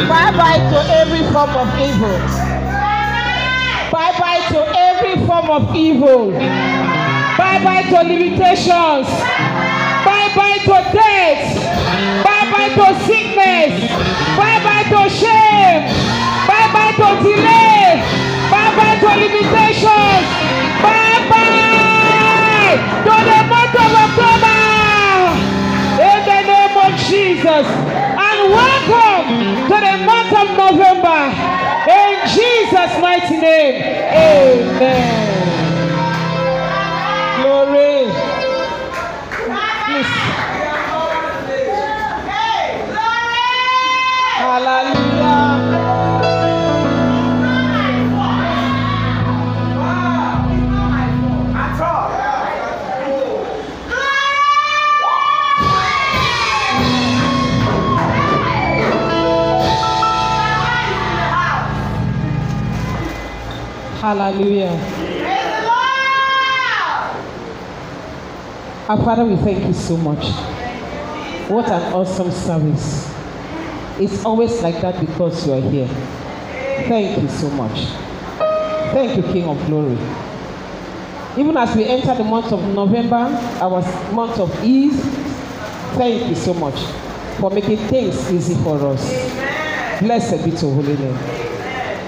Bye bye to every form of evil. Bye bye to every form of evil. Bye bye to limitations. Bye bye to death. Bye bye to sickness. Bye bye to shame. Bye bye to delay. Bye bye to limitations. Bye bye to the month of October. In the name of Jesus welcome to the month of November. In Jesus' mighty name, amen. Glory. Please. Hallelujah. Hallelujah. Our Father, we thank you so much. What an awesome service. It's always like that because you are here. Thank you so much. Thank you, King of Glory. Even as we enter the month of November, our month of ease, thank you so much for making things easy for us. Blessed be to holy name.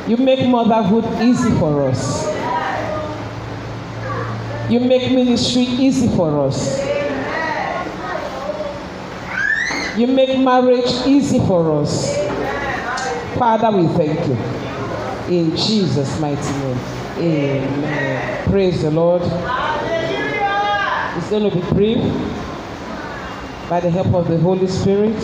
You make motherhood easy for us. You make ministry easy for us. You make marriage easy for us. Father, we thank you. In Jesus' mighty name. Amen. Praise the Lord. It's going to be brief by the help of the Holy Spirit.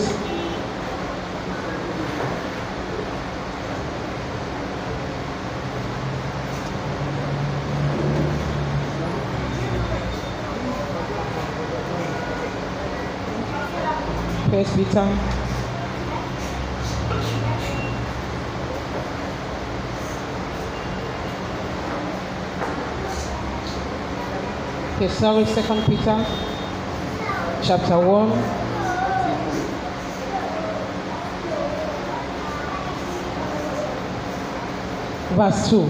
on Twitter. Okay, sorry, Second Peter, chapter one. Verse 2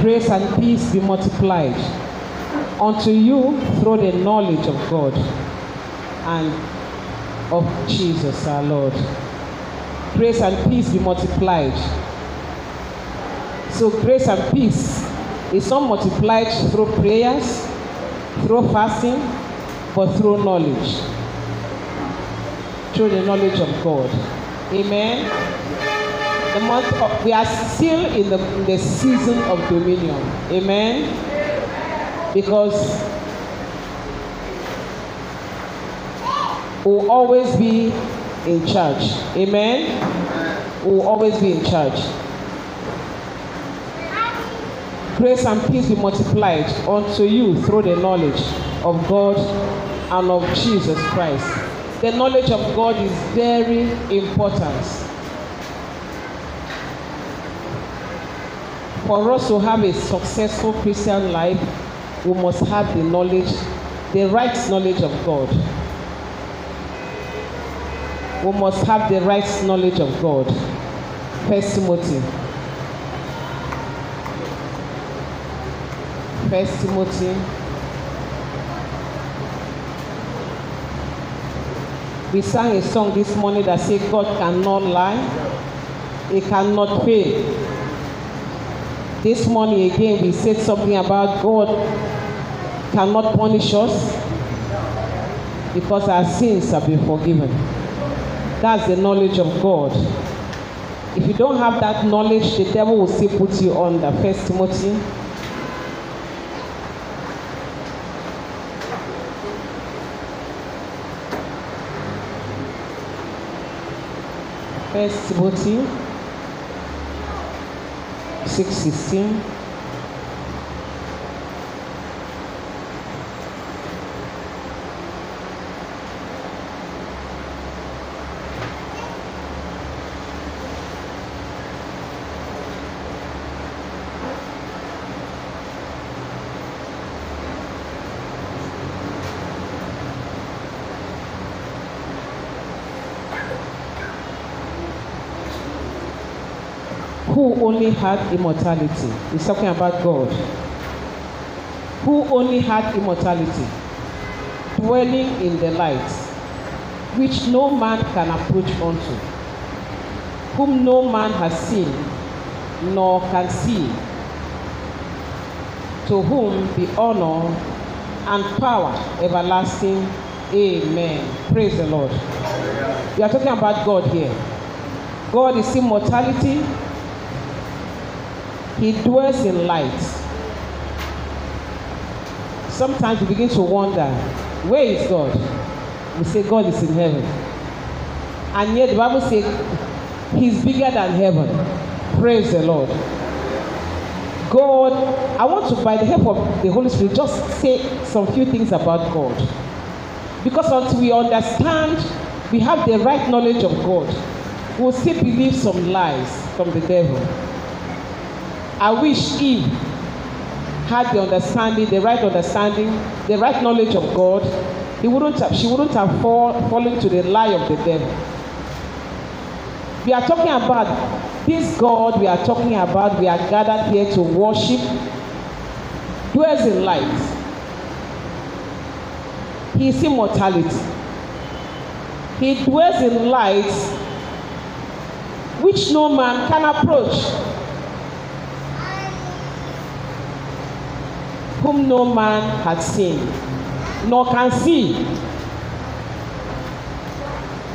Grace and peace be multiplied unto you through the knowledge of God and of Jesus our Lord. Grace and peace be multiplied. So, grace and peace is not multiplied through prayers, through fasting, but through knowledge. Through the knowledge of God. Amen. The month of, we are still in the, in the season of dominion. Amen. Because will always be in charge. Amen? Will always be in charge. Grace and peace be multiplied unto you through the knowledge of God and of Jesus Christ. The knowledge of God is very important. For us to have a successful Christian life, we must have the knowledge, the right knowledge of God. we must have the right knowledge of God. First Timothy. First Timothy. We sang a song this morning that said God cannot lie, He cannot fail. This morning again we said something about God cannot punish us because our sins have been forgiven. That's the knowledge of God. If you don't have that knowledge, the devil will still put you under. First Timothy. First Timothy six sixteen. who only had immortality. He's talking about God. Who only had immortality, dwelling in the light, which no man can approach unto, whom no man has seen, nor can see, to whom be honor and power everlasting. Amen. Praise the Lord. We are talking about God here. God is immortality. He dwells in light. Sometimes we begin to wonder, where is God? We say God is in heaven. And yet the Bible says he's bigger than heaven. Praise the Lord. God, I want to, by the help of the Holy Spirit, just say some few things about God. Because once we understand, we have the right knowledge of God, we'll still believe some lies from the devil. I wish he had the understanding, the right understanding, the right knowledge of God. He wouldn't have, she wouldn't have fall, fallen to the lie of the devil. We are talking about this God we are talking about. We are gathered here to worship, dwells in light. He is immortality. He dwells in light which no man can approach. whom no man had seen, nor can see.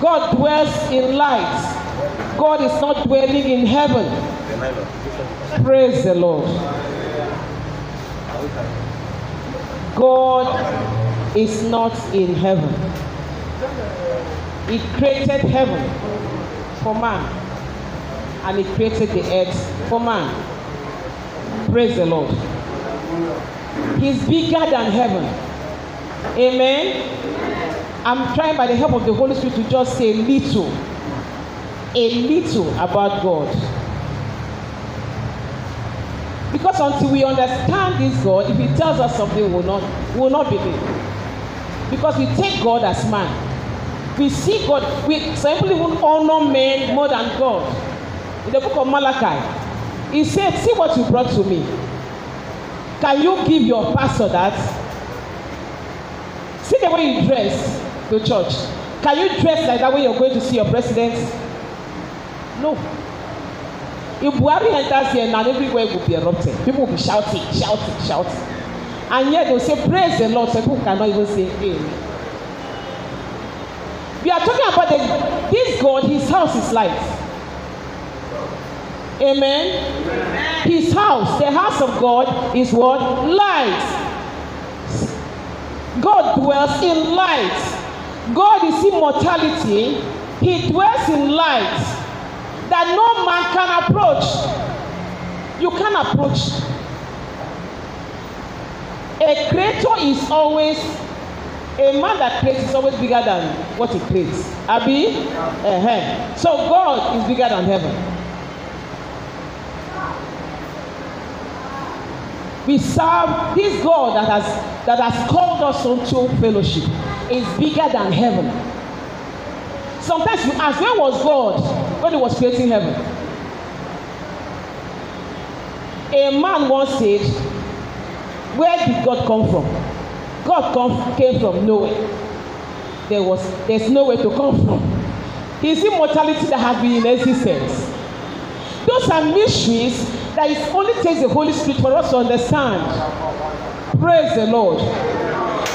God dwells in light. God is not dwelling in heaven. Praise the Lord. God is not in heaven. He created heaven for man, and He created the earth for man. Praise the Lord. He's bigger than heaven. Amen. I'm trying by the help of the Holy Spirit to just say little, a little about God. Because until we understand this God, if He tells us something, we will not, we will not believe. Because we take God as man. We see God, we simply even honor men more than God. In the book of Malachi, He said, See what you brought to me. Can you give your pastor that? See the way you dress to church. Can you dress like that when you're going to see your president? No. If Buhari enters here now, everywhere will be erupting. People will be shouting, shouting, shouting. And yet they say, Praise the Lord. So people cannot even say, Amen. We are talking about the, this God, His house is light. Amen. Amen. His house, the house of God, is what? Light. God dwells in light. God is immortality. He dwells in light that no man can approach. You can approach. A creator is always a man that creates is always bigger than what he creates. Abi? Yeah. Uh-huh. So God is bigger than heaven. We serve this God that has, that has called us unto fellowship is bigger than heaven. Sometimes you ask, where was God when He was creating heaven? A man once said, Where did God come from? God come, came from nowhere. There was, there's nowhere to come from. Is immortality that has been in existence? Those are mysteries that it only takes the Holy Spirit for us to understand. Praise the Lord.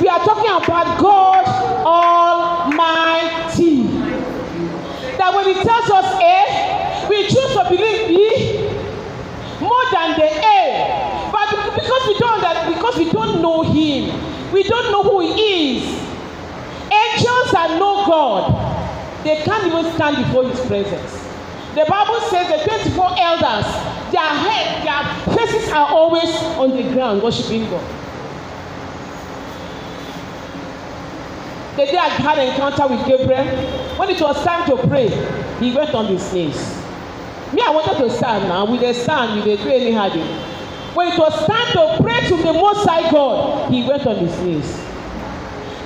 We are talking about God Almighty. That when He tells us A, we choose to believe B more than the A. But because we don't that because we don't know Him, we don't know who He is. Angels are no God, they can't even stand before His presence. The Bible says the twenty-four elders, their head, their faces are always on the ground worshiping God. The day I had an encounter with Gabriel, when it was time to pray, he went on his knees. Me, I wanted to stand now. With a stand, with a do any hardy. When it was time to pray to the Most High God, he went on his knees.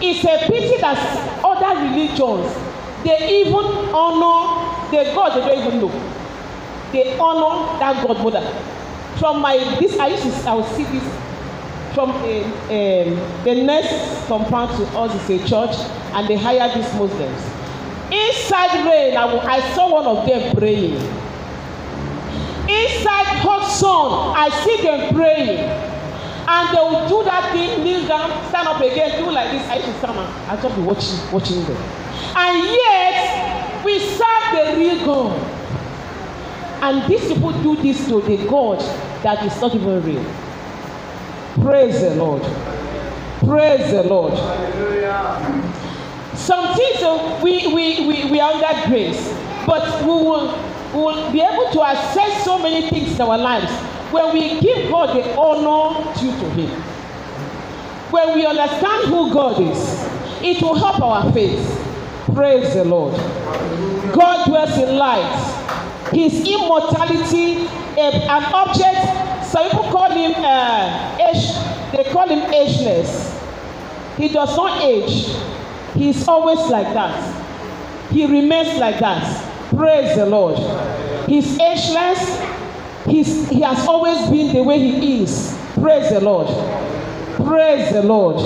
It's a pity that other religions, they even honor The God they don't even know. They honor that godmother. From my this I used to I will see this from a, um, a, um, the next compound to us is a church and they hire these Muslims. Inside rain, I, I saw one of them praying. Inside hot sun, I see them praying. and they will do that thing kneel down stand up again do like this i used to stand and i just be watching watching them and yet We serve the real God. And these people do this to the God that is not even real. Praise the Lord. Praise the Lord. Some things so uh, we, we, we, we are under grace, but we will, we will be able to assess so many things in our lives when we give God the honor due to Him. When we understand who God is, it will help our faith. Praise the Lord. God dwells in light. His immortality, an object, some people call him uh, age, they call him ageless. He does not age. He's always like that. He remains like that. Praise the Lord. He's ageless. He's, he has always been the way he is. Praise the Lord. Praise the Lord.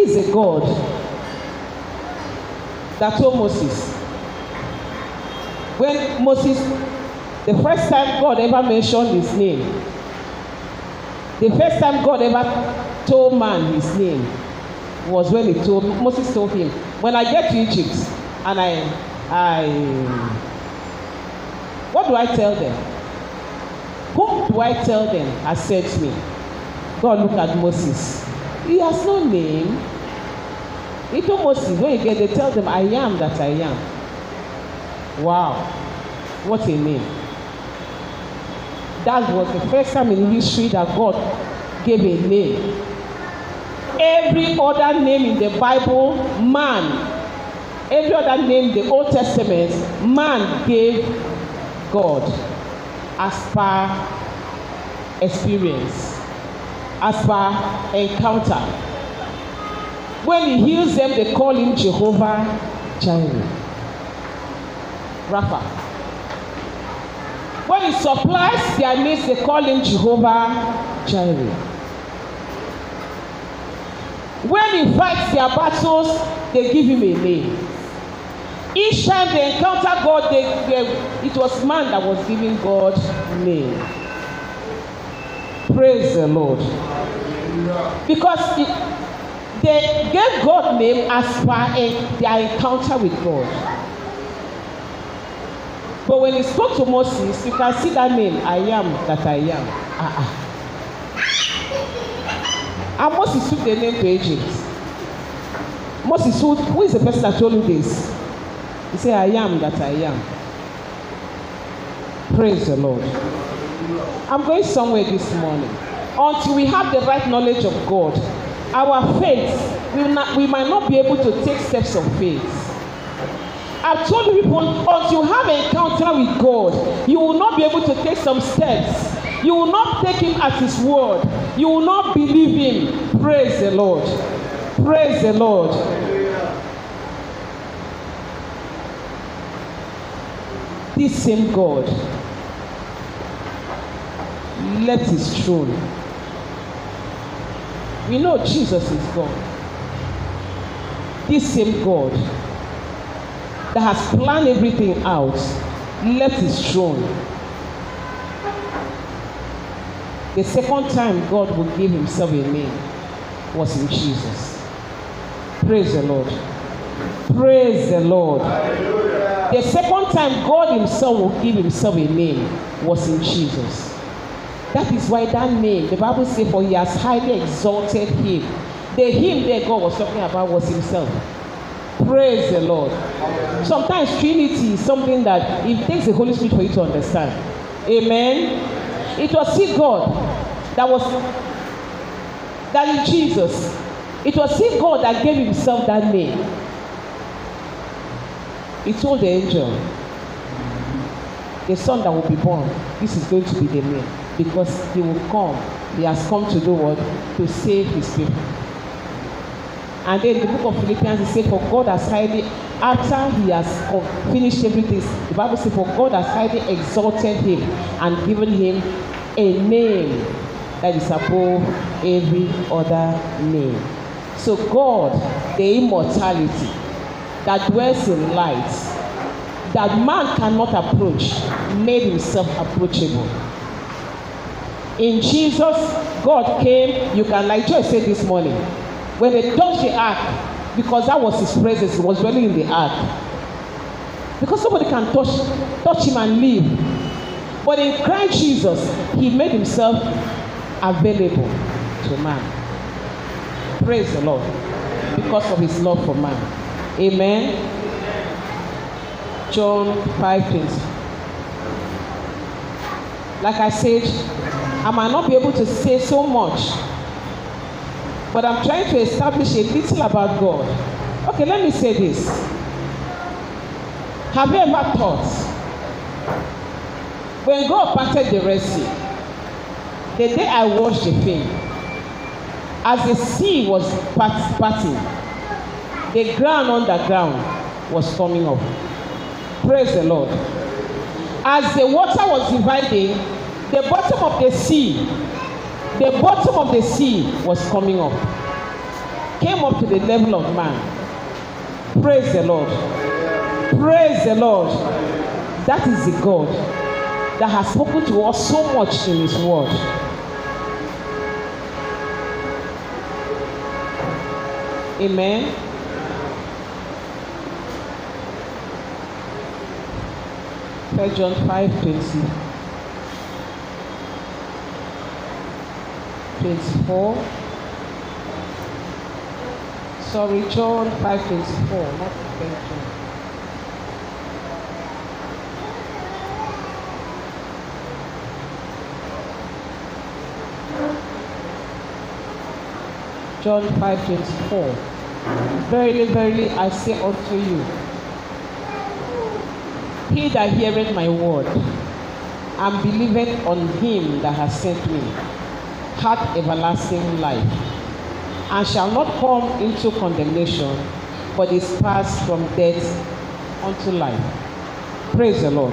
is a God that told Moses. When Moses, the first time God ever mentioned his name, the first time God ever told man his name was when he told Moses told him, When I get to Egypt and I I what do I tell them? Whom do I tell them has sent me? God look at Moses. He has no name. Even Moses, when you get there, tell them, I am that I am. Wow, what a name. That was the first time in history that God gave a name. Every other name in the Bible, man. Every other name, in the Old Testament, man gave God as per experience as per encounter. When he heals them, they call him Jehovah Jireh. Rapha. When he supplies their needs, they call him Jehovah Jireh. When he fights their battles, they give him a name. Each time they encounter God, they, they, it was man that was giving God name. Praise the Lord. Because it, they gave God name as far as their encounter with God. But when he spoke to Moses, you can see that name, I am that I am. Ah ah. And Moses took the name to Egypt. Moses, who, who is the person that told you this? He said, I am that I am. Praise the Lord. I'm going somewhere this morning. Until we have the right knowledge of God, our faith, we, not, we might not be able to take steps of faith. I've told people, until you have an encounter with God, you will not be able to take some steps. You will not take Him at His word. You will not believe Him. Praise the Lord. Praise the Lord. This same God left his throne. We know Jesus is God. This same God that has planned everything out left his throne. The second time God will give himself a name was in Jesus. Praise the Lord. Praise the Lord. Hallelujah. The second time God himself will give himself a name was in Jesus. That is why that name, the Bible says, for he has highly exalted him. The him that God was talking about was himself. Praise the Lord. Sometimes Trinity is something that it takes the Holy Spirit for you to understand. Amen. It was see God that was that in Jesus. It was see God that gave himself that name. He told the angel, the son that will be born, this is going to be the name because he will come. He has come to do what? To save his people. And then the book of Philippians is said, For God has highly, after he has finished everything, the Bible says, For God has highly exalted him and given him a name that is above every other name. So God, the immortality that dwells in light, that man cannot approach, made himself approachable. In Jesus, God came. You can, like Joy said this morning, when they touched the ark, because that was his presence, he was dwelling in the ark. Because somebody can touch, touch him and leave. But in Christ Jesus, he made himself available to man. Praise the Lord. Because of his love for man. Amen. John 5 things. Like I said, I might not be able to say so much, but I'm trying to establish a little about God. Okay, let me say this. Have you ever thought when God parted the Red Sea, the day I washed the thing, as the sea was parting, the ground underground was coming up. Praise the Lord. As the water was dividing, The bottom of the sea, the bottom of the sea was coming up, came up to the level of man. Praise the Lord. Praise the Lord. That is the God that has spoken to us so much in His Word. Amen. First John 5 20. twenty-four sorry John five twenty-four láti fẹ́ John. John 5:24. Verily, verily, I say unto you, he that heareth my word and believeth on him that has sent me hath everlasting life, and shall not come into condemnation, but is passed from death unto life. Praise the Lord.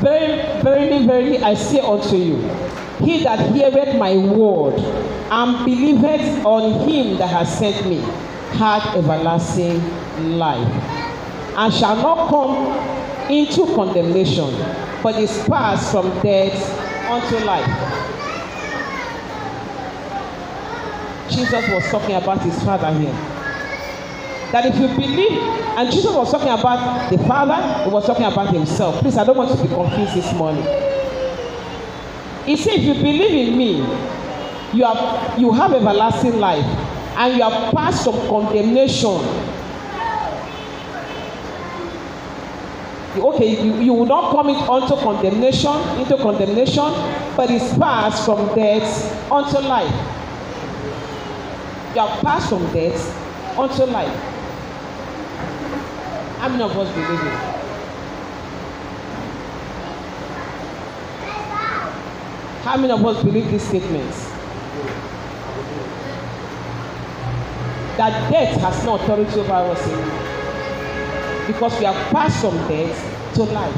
Very, very, very! I say unto you, he that heareth my word and believeth on him that has sent me hath everlasting life, and shall not come into condemnation, but is passed from death unto life. Jesus was talking about his father here. That if you believe, and Jesus was talking about the father, he was talking about himself. Please, I don't want you to be confused this morning. He said, if you believe in me, you have, you have everlasting life, and you have passed from condemnation okay, you, you will not come into condemnation, into condemnation, but it's passed from death unto life. You are passed from death unto life. How many of us believe it? How many of us believe these statements? That death has no authority over us anymore because we have passed from death to life.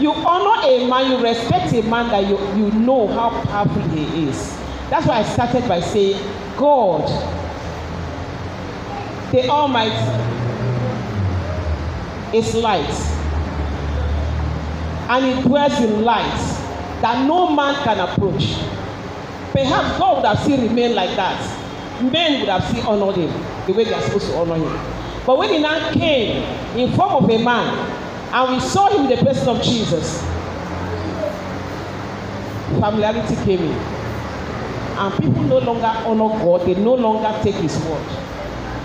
You honor a man, you respect a man that you, you know how powerful he is. That's why I started by saying, God, the Almighty, is light. And it dwells in light that no man can approach. Perhaps God would have still remained like that. Men would have still honored him the way they are supposed to honor him. But when he now came in form of a man, and we saw him in the person of Jesus, familiarity came in. And people no longer honor God, they no longer take his word.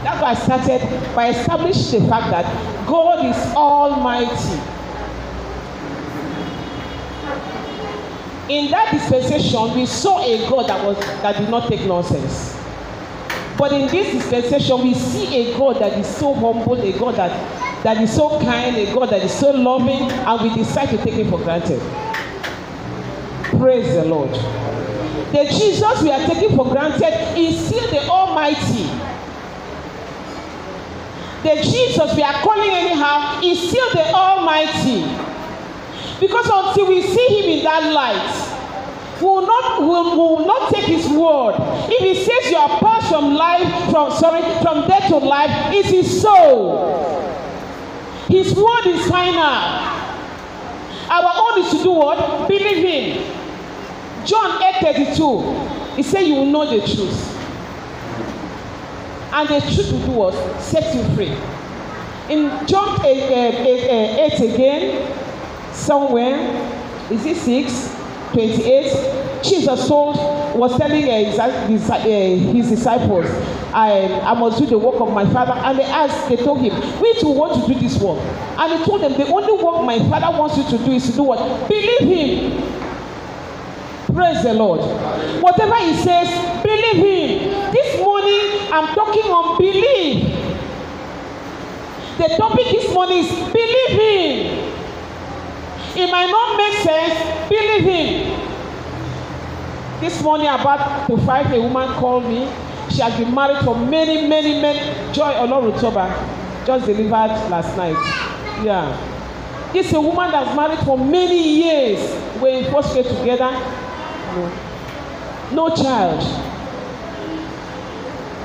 That's why I started by establishing the fact that God is almighty. In that dispensation, we saw a God that was that did not take nonsense. But in this dispensation, we see a God that is so humble, a God that, that is so kind, a God that is so loving, and we decide to take it for granted. Praise the Lord. The Jesus we are taking for granted is still the Almighty. The Jesus we are calling anyhow is still the Almighty. Because until we see Him in that light, will not will, will not take his word. If he says you are passed from life from sorry from death to life, it is so. His word is final. Our own is to do what? Believe him. John 8:32. He said, You will know the truth. And the truth will do what? Set you free. In John 8, 8, 8, 8 again, somewhere, is it 6? 28, Jesus told, was telling uh, uh, uh, his, disciples, I, I must do the work of my father. And they asked, they told him, which will want to do this work? And he told them, the only work my father wants you to do is to do what? Believe him. Praise the Lord. Whatever he says, believe him. This morning, I'm talking on belief. The topic this morning is believe him. It might not make sense, believe him. This morning, about to five, a woman called me. She has been married for many, many, many. Joy Olorutoba just delivered last night. Yeah. This a woman that's married for many years. We in first grade together. No. No child.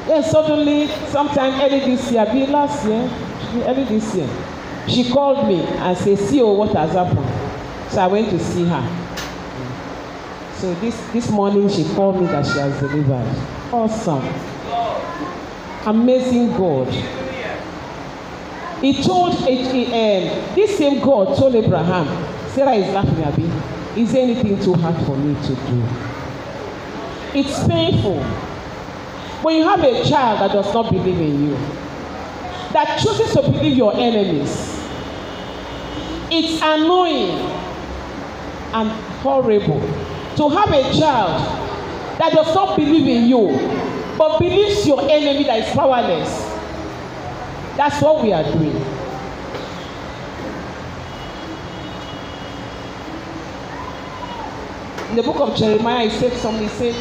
Then suddenly, sometime early this year, be last year, early this year, she called me and say, See, oh, what has happened? So I went to see her. So this, this morning she called me that she has delivered. Awesome. Amazing God. He told h E m this same God told Abraham, Sarah is laughing at me. Is there anything too hard for me to do? It's painful. When you have a child that does not believe in you, that chooses to believe your enemies, it's annoying and horrible to have a child that does not believe in you but believes your enemy that is powerless that's what we are doing. In the book of Jeremiah, he said something, he said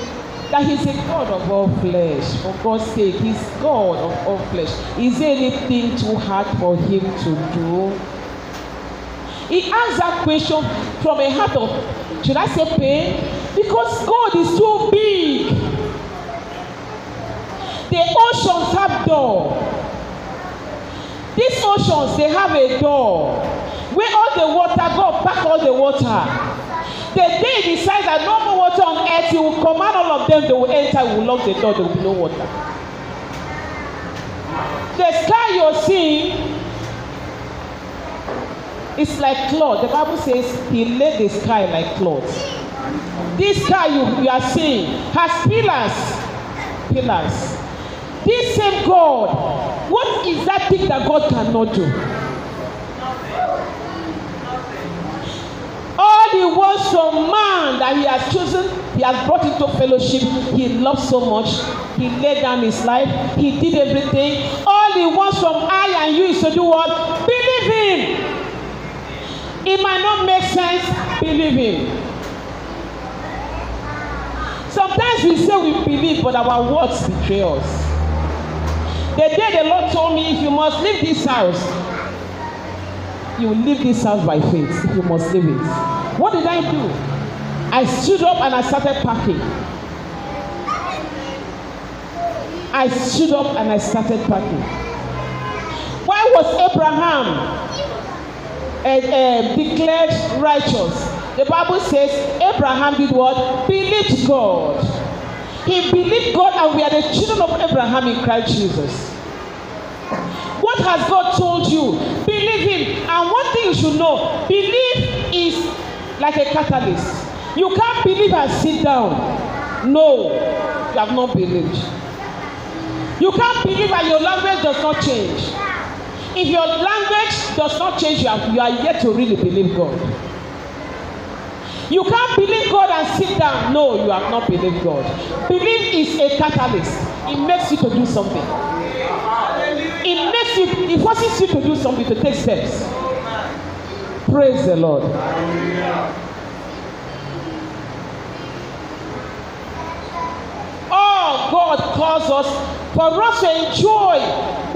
that he's a God of all flesh. For God's sake, he's God of all flesh. Is there anything too hard for him to do? He asked that question from a heart of Should I say pain? Because God is so big. The oceans have door. These oceans, they have a door where all the water, God pack all the water. The day he decides that no more water on earth, he will command all of them, they will enter, he will lock the door, there will be no water. The sky you're seeing It's like cloth. The Bible says he laid the sky like cloth. This sky you, you are seeing has pillars. Pillars. This same God, what is that thing that God cannot do? All the wants from man that he has chosen, he has brought into fellowship, he loves so much, he laid down his life, he did everything. All he wants from I and you is to do what? Believe him. It might not make sense believing. Sometimes we say we believe, but our words betray us. The day the Lord told me, if you must leave this house, you will leave this house by faith. If you must leave it. What did I do? I stood up and I started packing. I stood up and I started packing. Why was Abraham uh, declared righteous. The Bible says Abraham did what? Believed God. He believed God, and we are the children of Abraham in Christ Jesus. What has God told you? Believe Him. And one thing you should know belief is like a catalyst. You can't believe and sit down. No, you have not believed. You can't believe and your language does not change if your language does not change, you are, you are yet to really believe God. You can't believe God and sit down. No, you have not believed God. Belief is a catalyst. It makes you to do something. It makes you, it forces you to do something, to take steps. Praise the Lord. Hallelujah. God calls us for us to enjoy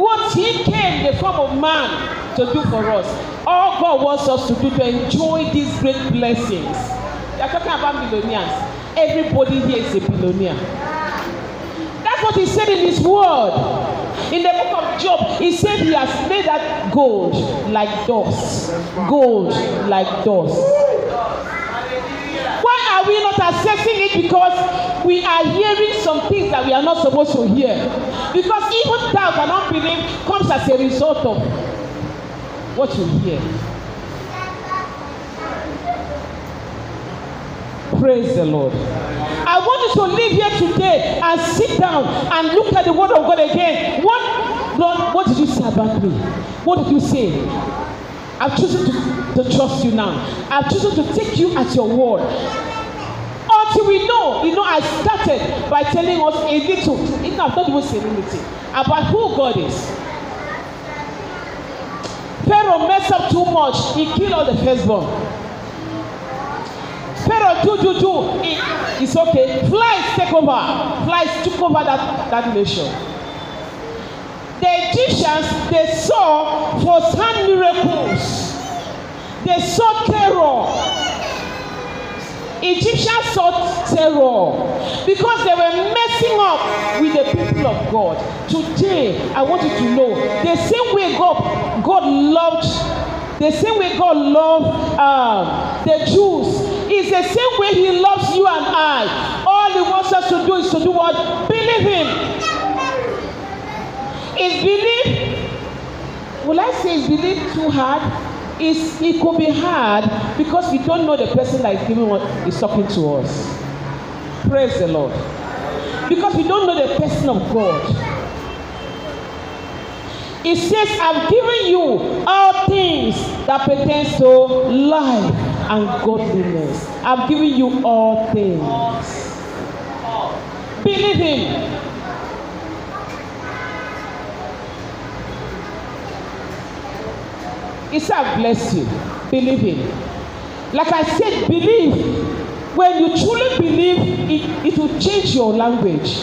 what He came in the form of man to do for us. All God wants us to do to enjoy these great blessings. We are talking about millionaires. Everybody here is a millionaire. That's what He said in His word. In the book of Job, he said he has made that gold like dust. Gold like dust. Why are we not assessing it? Because we are hearing some things that we are not supposed to hear. Because even doubt and unbelief comes as a result of what you hear. Praise the Lord. I want you to live here today and sit down and look at the word of God again. What, Lord, what did you say about me? What did you say? I've chosen to, to trust you now. I've chosen to take you at your word. Until we know, you know, I started by telling us a little, in fact, not even saying anything, about who God is. Pharaoh messed up too much. He killed all the firstborn. Pharaoh do do do. it's okay. Flies take over. Flies took over that, that nation. The Egyptians, they saw for some miracles. They saw terror. Egyptians saw terror because they were messing up with the people of God. Today, I want you to know the same way God, God loved, the same way God loved um, the Jews is the same way He loves you and I. All He wants us to do is to do what? Believe Him. Is believe? will I say is believe too hard? Is it could be hard because we don't know the person that is giving what is talking to us. Praise the Lord. Because we don't know the person of God. It says, I've given you all things that pertain to life and godliness. I've given you all things. Believe Him. Isaac bless you. Believe in. Like I said, believe. When you truly believe, it, it will change your language.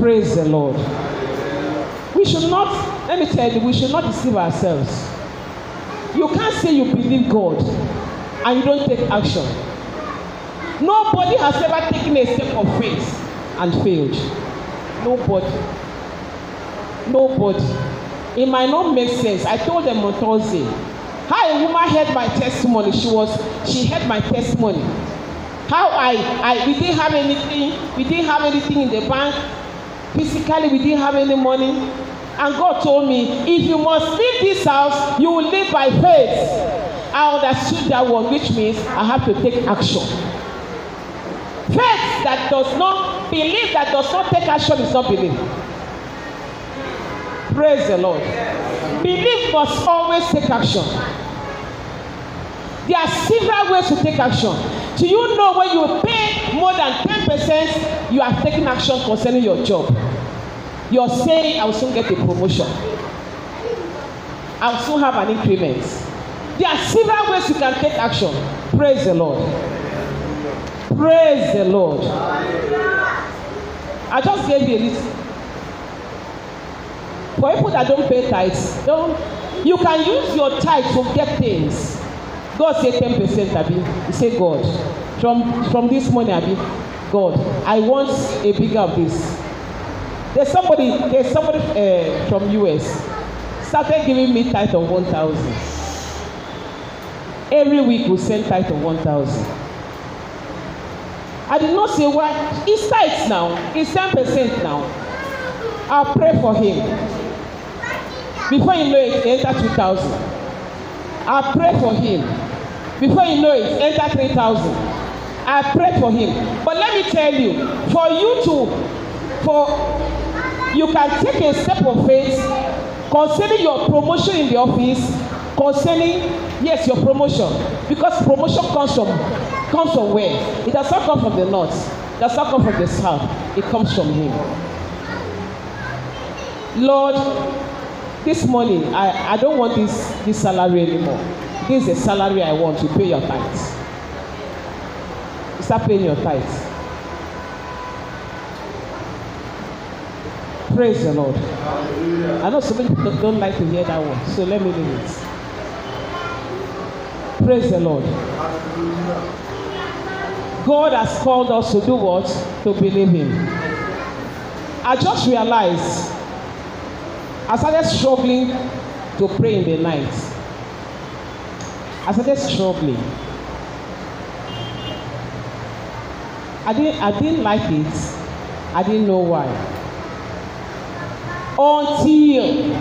Praise the Lord. We should not, let me tell you, we should not deceive ourselves. You can't say you believe God and you don't take action. Nobody has ever taken a step of faith and failed. Nobody. Nobody. It might not make sense. I told them on Thursday how a woman heard my testimony. She was she heard my testimony. How I I we didn't have anything. We didn't have anything in the bank. Physically, we didn't have any money. And God told me, if you must leave this house, you will live by faith. I understood that one, which means I have to take action. Faith that does not believe that does not take action is not belief. Praise the Lord. Belief must always take action. There are several ways to take action. Do you know when you pay more than ten percent, you are taking action concerning your job? You are saying, I will soon get a promotion. I will soon have an increment. There are several ways you can take action. Praise the Lord. Praise the Lord. I just gave you a list. For people that don't pay tithes, don't, you can use your tithe to get things. God say ten percent abi, you say God, from from this money abi, God, I want a bigger of this. There's somebody, there's somebody uh, from US started giving me tithe of one thousand. Every week we send tithe of one thousand. I did not say why. It's tithe now. It's ten percent now. I'll pray for him. Before you know it, enter two thousand. I pray for him. Before you know it, enter three thousand. I pray for him. But let me tell you, for you to, for you can take a step of faith concerning your promotion in the office, concerning, yes, your promotion. Because promotion comes from comes from where? It does not come from the north. It does not come from the south. It comes from him. Lord, this morning i i don't want this this salary anymore this is the salary i want you pay your tithes you start paying your tithes praise the lord i know so many people don't, like to hear that one so let me leave it praise the lord god has called us to do what to believe him i just realized I started struggling to pray in the night. I started struggling. I didn't, I didn't like it. I didn't know why. Until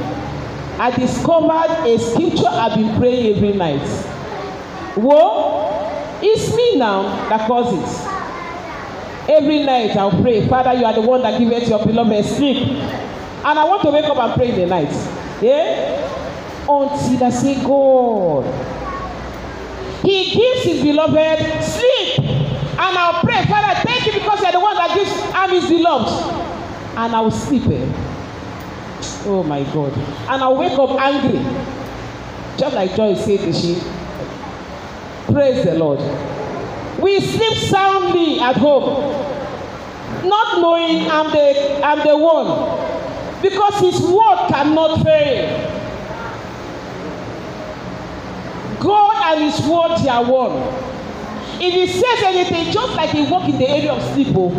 I discovered a scripture I've been praying every night. Whoa, it's me now that causes it. Every night I'll pray, Father, you are the one that giveth your beloved sleep. And I want to wake up and pray in the night. Yeah? Until I see God. He gives his beloved sleep. And I'll pray, Father, thank you because you're the one that gives I'm his beloved. And I'll sleep. Eh? Oh my God. And I'll wake up angry. Just like Joy said, she praise the Lord. We sleep soundly at home, not knowing I'm the, I'm the one because his word cannot fail. God and his word they are one. If he says anything, just like he works in the area of sleep, oh,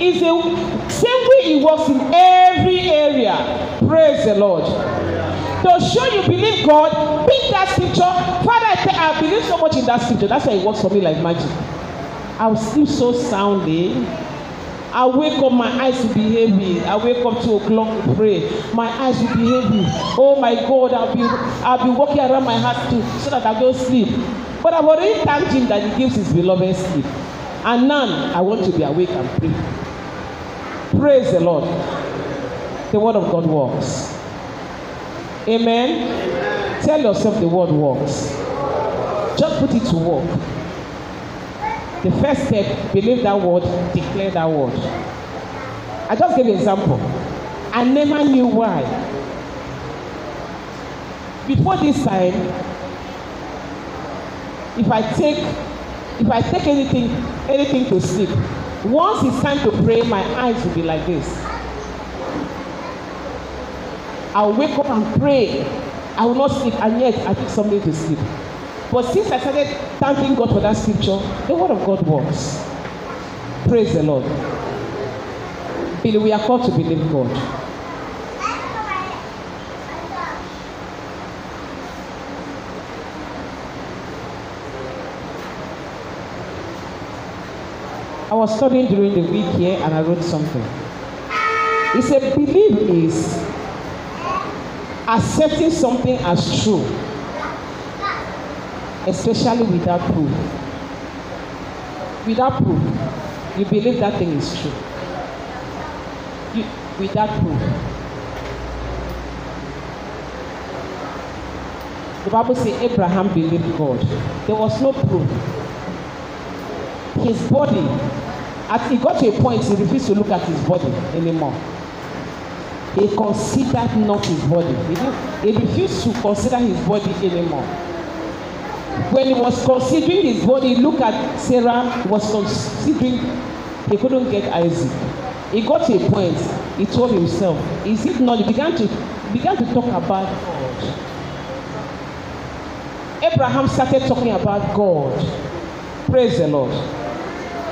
is the same way he works in every area. Praise the Lord. To show you believe God, pick that scripture. Father, I, believe so much in that scripture. That's why it works for me like magic. I'll sleep so soundly. I wake up, my eyes will be heavy. I wake up two o'clock to pray. My eyes will be heavy. Oh my God, I'll be I'll be walking around my house too so that I go sleep. But I've already thanked him that he gives his beloved sleep. And now I want to be awake and pray. Praise the Lord. The word of God works. Amen. Amen. Tell yourself the word works. Just put it to work. The first step, believe that word, declare that word. I just gave an example. I never knew why. Before this time, if I take if I take anything anything to sleep, once it's time to pray, my eyes will be like this. I'll wake up and pray. I will not sleep, and yet I take something to sleep. But since I started thanking God for that scripture, the word of God works. Praise the Lord. we are called to believe God. I was studying during the week here and I wrote something. He said, Believe is accepting something as true especially without proof. Without proof, you believe that thing is true. You, without proof. The Bible says Abraham believed God. There was no proof. His body, as he got to a point, he refused to look at his body anymore. He considered not his body. He, he refused to consider his body anymore when he was considering his body look at sarah was considering he couldn't get isaac he got to a point he told himself is it not he began to began to talk about god abraham started talking about god praise the lord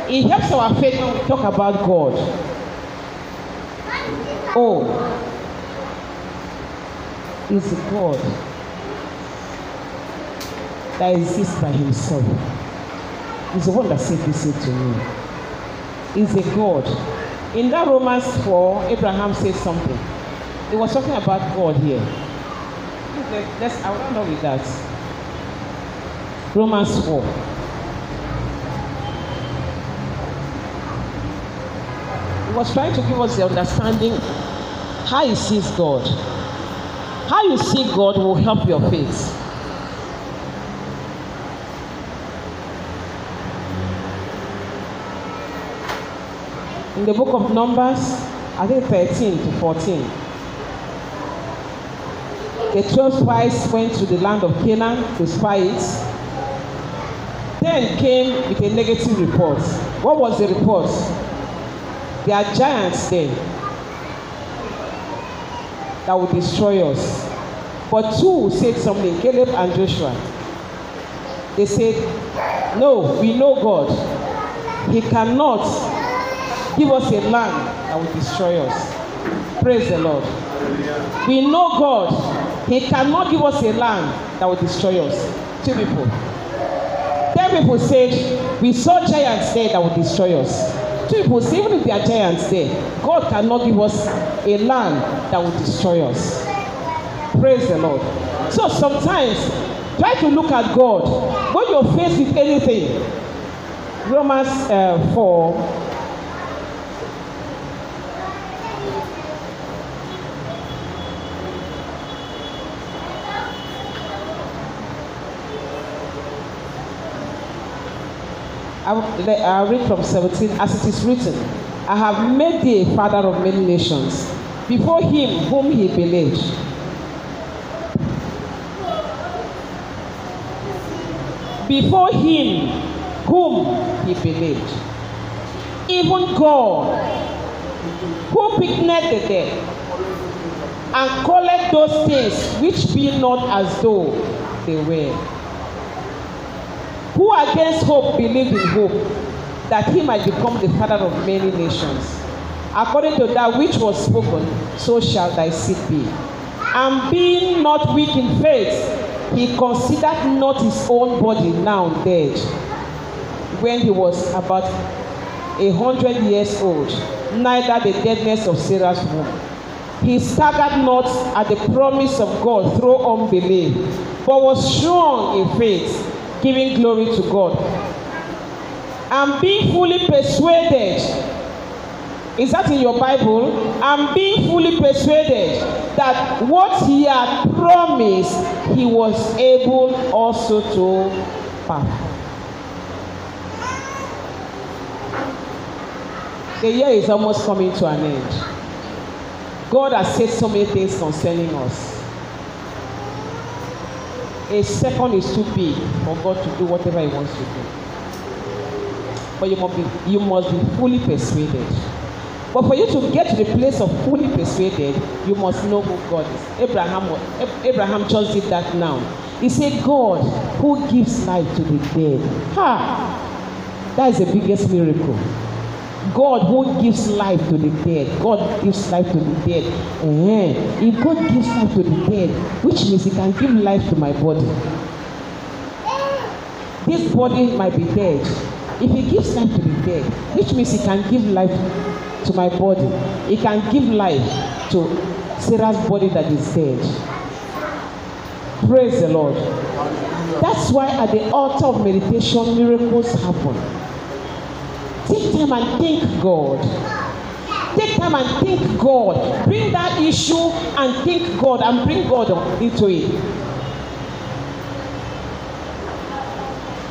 it he helps our faith talk about god oh is god that exists by himself. He's the one that said this to me. He's a God. In that Romans 4, Abraham said something. It was talking about God here. Let's, I want to know with that. Romans 4. He was trying to give us the understanding how he sees God. How you see God will help your faith. in the book of Numbers, I think thirteen to fourteen, The twelve spies went to the land of Canaan to spy it. Then came with a negative report. What was the report? There are giants there that will destroy us. But two said something, Caleb and Joshua. They said, No, we know God. He cannot Give us a land that will destroy us. Praise the Lord. We know God. He cannot give us a land that will destroy us. Two people. Ten people said, We saw giants there that will destroy us. Two people said, Even if there are giants there, God cannot give us a land that will destroy us. Praise the Lord. So sometimes, try to look at God. When you're faced with anything, Romans uh, 4 I read from 17, as it is written, I have made thee a father of many nations, before him whom he believed. Before him whom he believed. Even God, who picked the dead, and calleth those things which be not as though they were who against hope believed in hope that he might become the father of many nations. According to that which was spoken, so shall thy seed be. And being not weak in faith, he considered not his own body now dead when he was about a hundred years old, neither the deadness of Sarah's womb. He staggered not at the promise of God through unbelief, but was strong in faith giving glory to God. I'm being fully persuaded. Is that in your Bible? I'm being fully persuaded that what he had promised, he was able also to perform. The year is almost coming to an end. God has said so many things concerning us a second is too big for God to do whatever He wants to do. But you must be, you must be fully persuaded. But for you to get to the place of fully persuaded, you must know who God is. Abraham, Abraham just did that now. He said, God, who gives life to the dead? Ha! That is the biggest miracle. God who gives life to the dead. God gives life to the dead. Uh-huh. If God gives life to the dead, which means He can give life to my body. This body might be dead. If He gives life to the dead, which means He can give life to my body. He can give life to Sarah's body that is dead. Praise the Lord. That's why at the altar of meditation, miracles happen time and thank God. Take time and thank God. Bring that issue and thank God and bring God into it.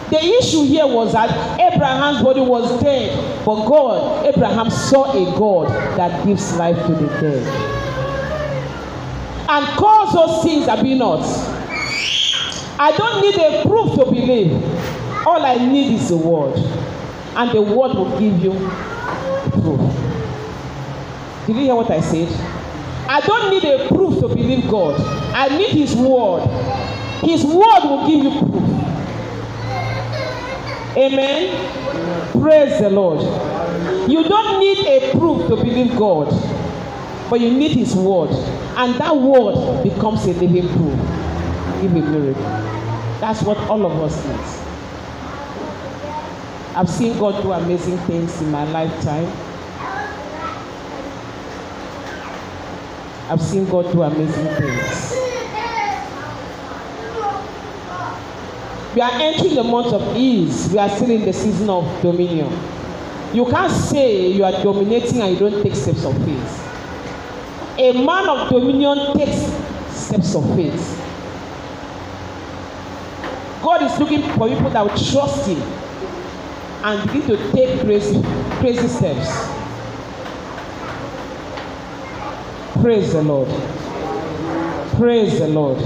The issue here was that Abraham's body was dead, but God, Abraham saw a God that gives life to the dead and calls those things that be not. I don't need a proof to believe. All I need is the word and the word will give you proof. Did you hear what I said? I don't need a proof to believe God. I need His word. His word will give you proof. Amen. Praise the Lord. You don't need a proof to believe God, but you need His word. And that word becomes a living proof. Give a miracle. That's what all of us need. I've seen God do amazing things in my lifetime. I've seen God do amazing things. We are entering the month of ease. We are still in the season of dominion. You can't say you are dominating and you don't take steps of faith. A man of dominion takes steps of faith. God is looking for people that will trust him and begin to take crazy crazy steps. Praise the Lord. Praise the Lord.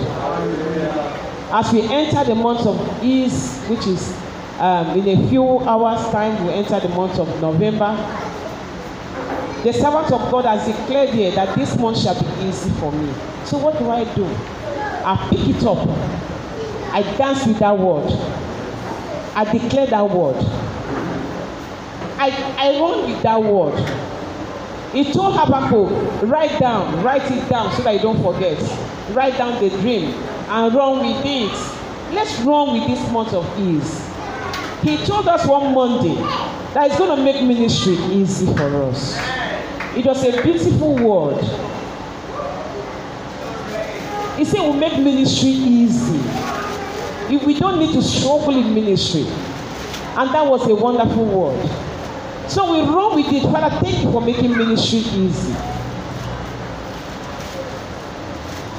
As we enter the month of ease, which is um, in a few hours' time, we enter the month of November. The servant of God has declared here that this month shall be easy for me. So what do I do? I pick it up. I dance with that word. I declare that word. I, I run with that word. He told Habakkuk, write down, write it down so that you don't forget. Write down the dream and run with it. Let's run with this month of ease. He told us one Monday that it's going to make ministry easy for us. It was a beautiful word. He said "We'll make ministry easy. If we don't need to struggle in ministry. And that was a wonderful word. So we run with it. Father, thank you for making ministry easy.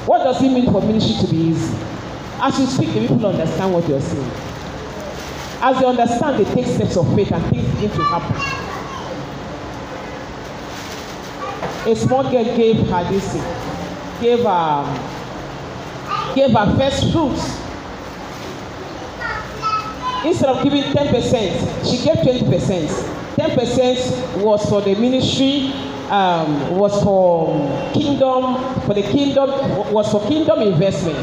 What does it mean for ministry to be easy? As you speak, the people understand what you're saying. As they understand, they take steps of faith and things begin to happen. A small girl gave her this, gave her, um, gave her first fruits. Instead of giving 10%, she gave 20% ten percent was for the ministry um, was for kingdom for the kingdom was for kingdom investment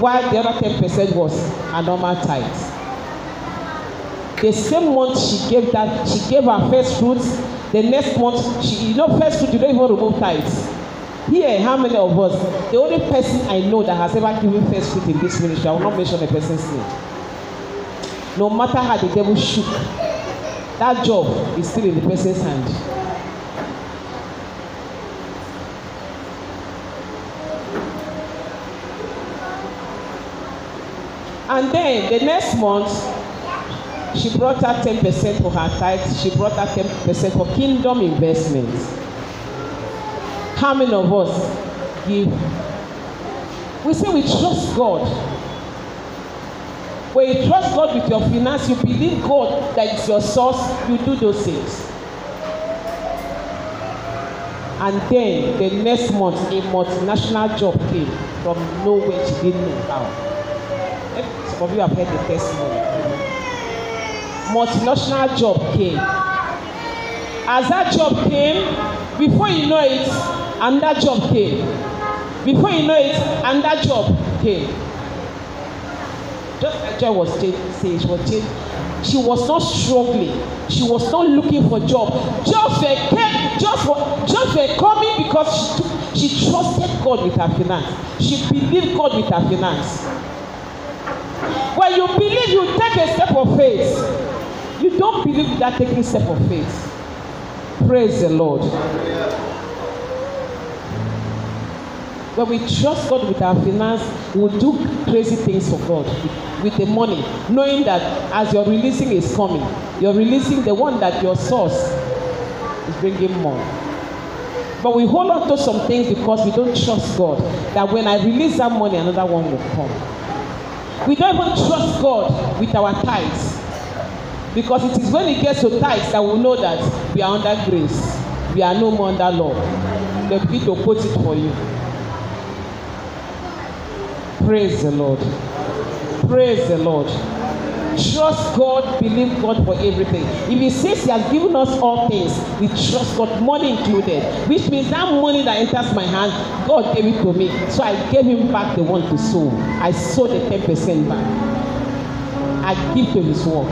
while the other ten percent was her normal tithe the same month she gave that she gave her first fruits the next month she you know first fruit you don't even remove tithe here how many of us the only person i know that has ever given first fruit in this ministry i will not mention the person's name no matter how the devil shook that job is still in the person's hand. And then the next month, she brought ten percent for her tithe, she brought ten percent for kingdom investments. How many of us give? We say we trust God When you trust God with your finance, you believe God that is your source, you do those things. And then the next month, a multinational job came from nowhere she didn't know how. Some of you have heard the testimony. Multinational job came. As that job came, before you know it, another job came. Before you know it, another job came. Just Joy was saying she was saying she was not struggling she was not looking for job just were came just were just were coming because she she trusted God with her finance she believed God with her finance when you believe you take a step of faith you don't believe without taking step of faith praise the Lord. Hallelujah. When we trust God with our finance, we'll do crazy things for God with, with the money, knowing that as your releasing is coming, you're releasing the one that your source is bringing more. But we hold on to some things because we don't trust God that when I release that money, another one will come. We don't even trust God with our tithes because it is when it gets to tithes that we know that we are under grace. We are no more under law. They begin to quote it for you. Praise the Lord. Praise the Lord. Trust God, believe God for everything. If He says He has given us all things, we trust God, money included, which means that money that enters my hand, God gave it to me. So I gave Him back the one to sow. I sold the 10% back. I give to His work.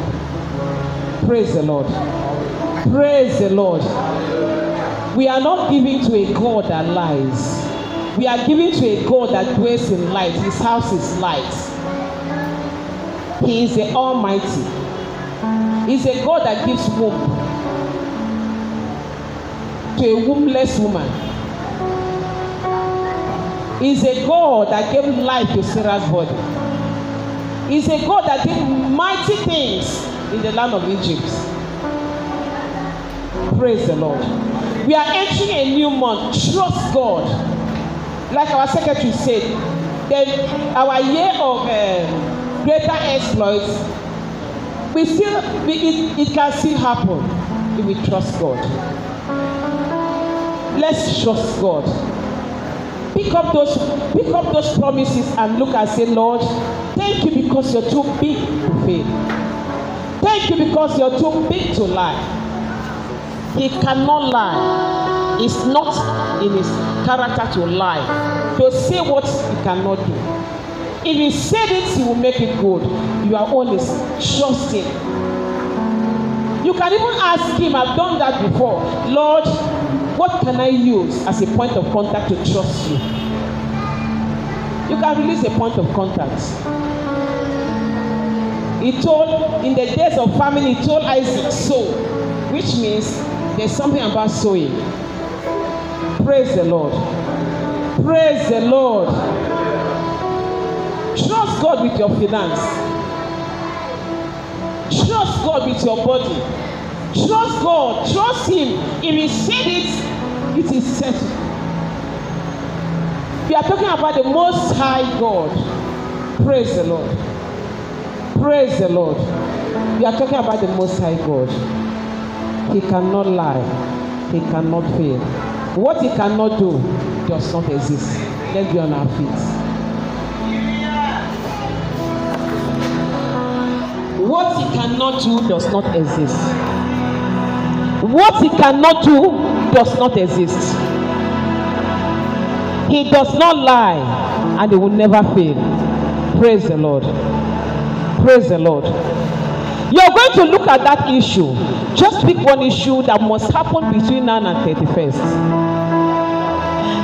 Praise the Lord. Praise the Lord. We are not giving to a God that lies. We are given to a God that dwells in light. His house is light. He is the Almighty. He's a God that gives womb to a wombless woman. He's a God that gave life to Sarah's body. He's a God that did mighty things in the land of Egypt. Praise the Lord. We are entering a new month. Trust God like our secretary said, then our year of uh, greater exploits, we still, we, it, it can still happen if we trust God. Let's trust God. Pick up those, pick up those promises and look and say, Lord, thank you because you're too big to fail. Thank you because you're too big to lie. He cannot lie. It's not in his character to lie, to say what he cannot do. If he said it, he will make it good. You are always trusting. You can even ask him, I've done that before. Lord, what can I use as a point of contact to trust you? You can release a point of contact. He told, in the days of famine, he told Isaac, sow, which means there's something about sowing. Praise the Lord. Praise the Lord. Trust God with your finance. Trust God with your body. Trust God. Trust Him. If He said it, it is settled. We are talking about the Most High God. Praise the Lord. Praise the Lord. We are talking about the Most High God. He cannot lie. He cannot fail. What he cannot do does not exist. Let's be on our feet. What he cannot do does not exist. What he cannot do does not exist. He does not lie and he will never fail. Praise the Lord. Praise the Lord going to look at that issue. Just pick one issue that must happen between now and 31st.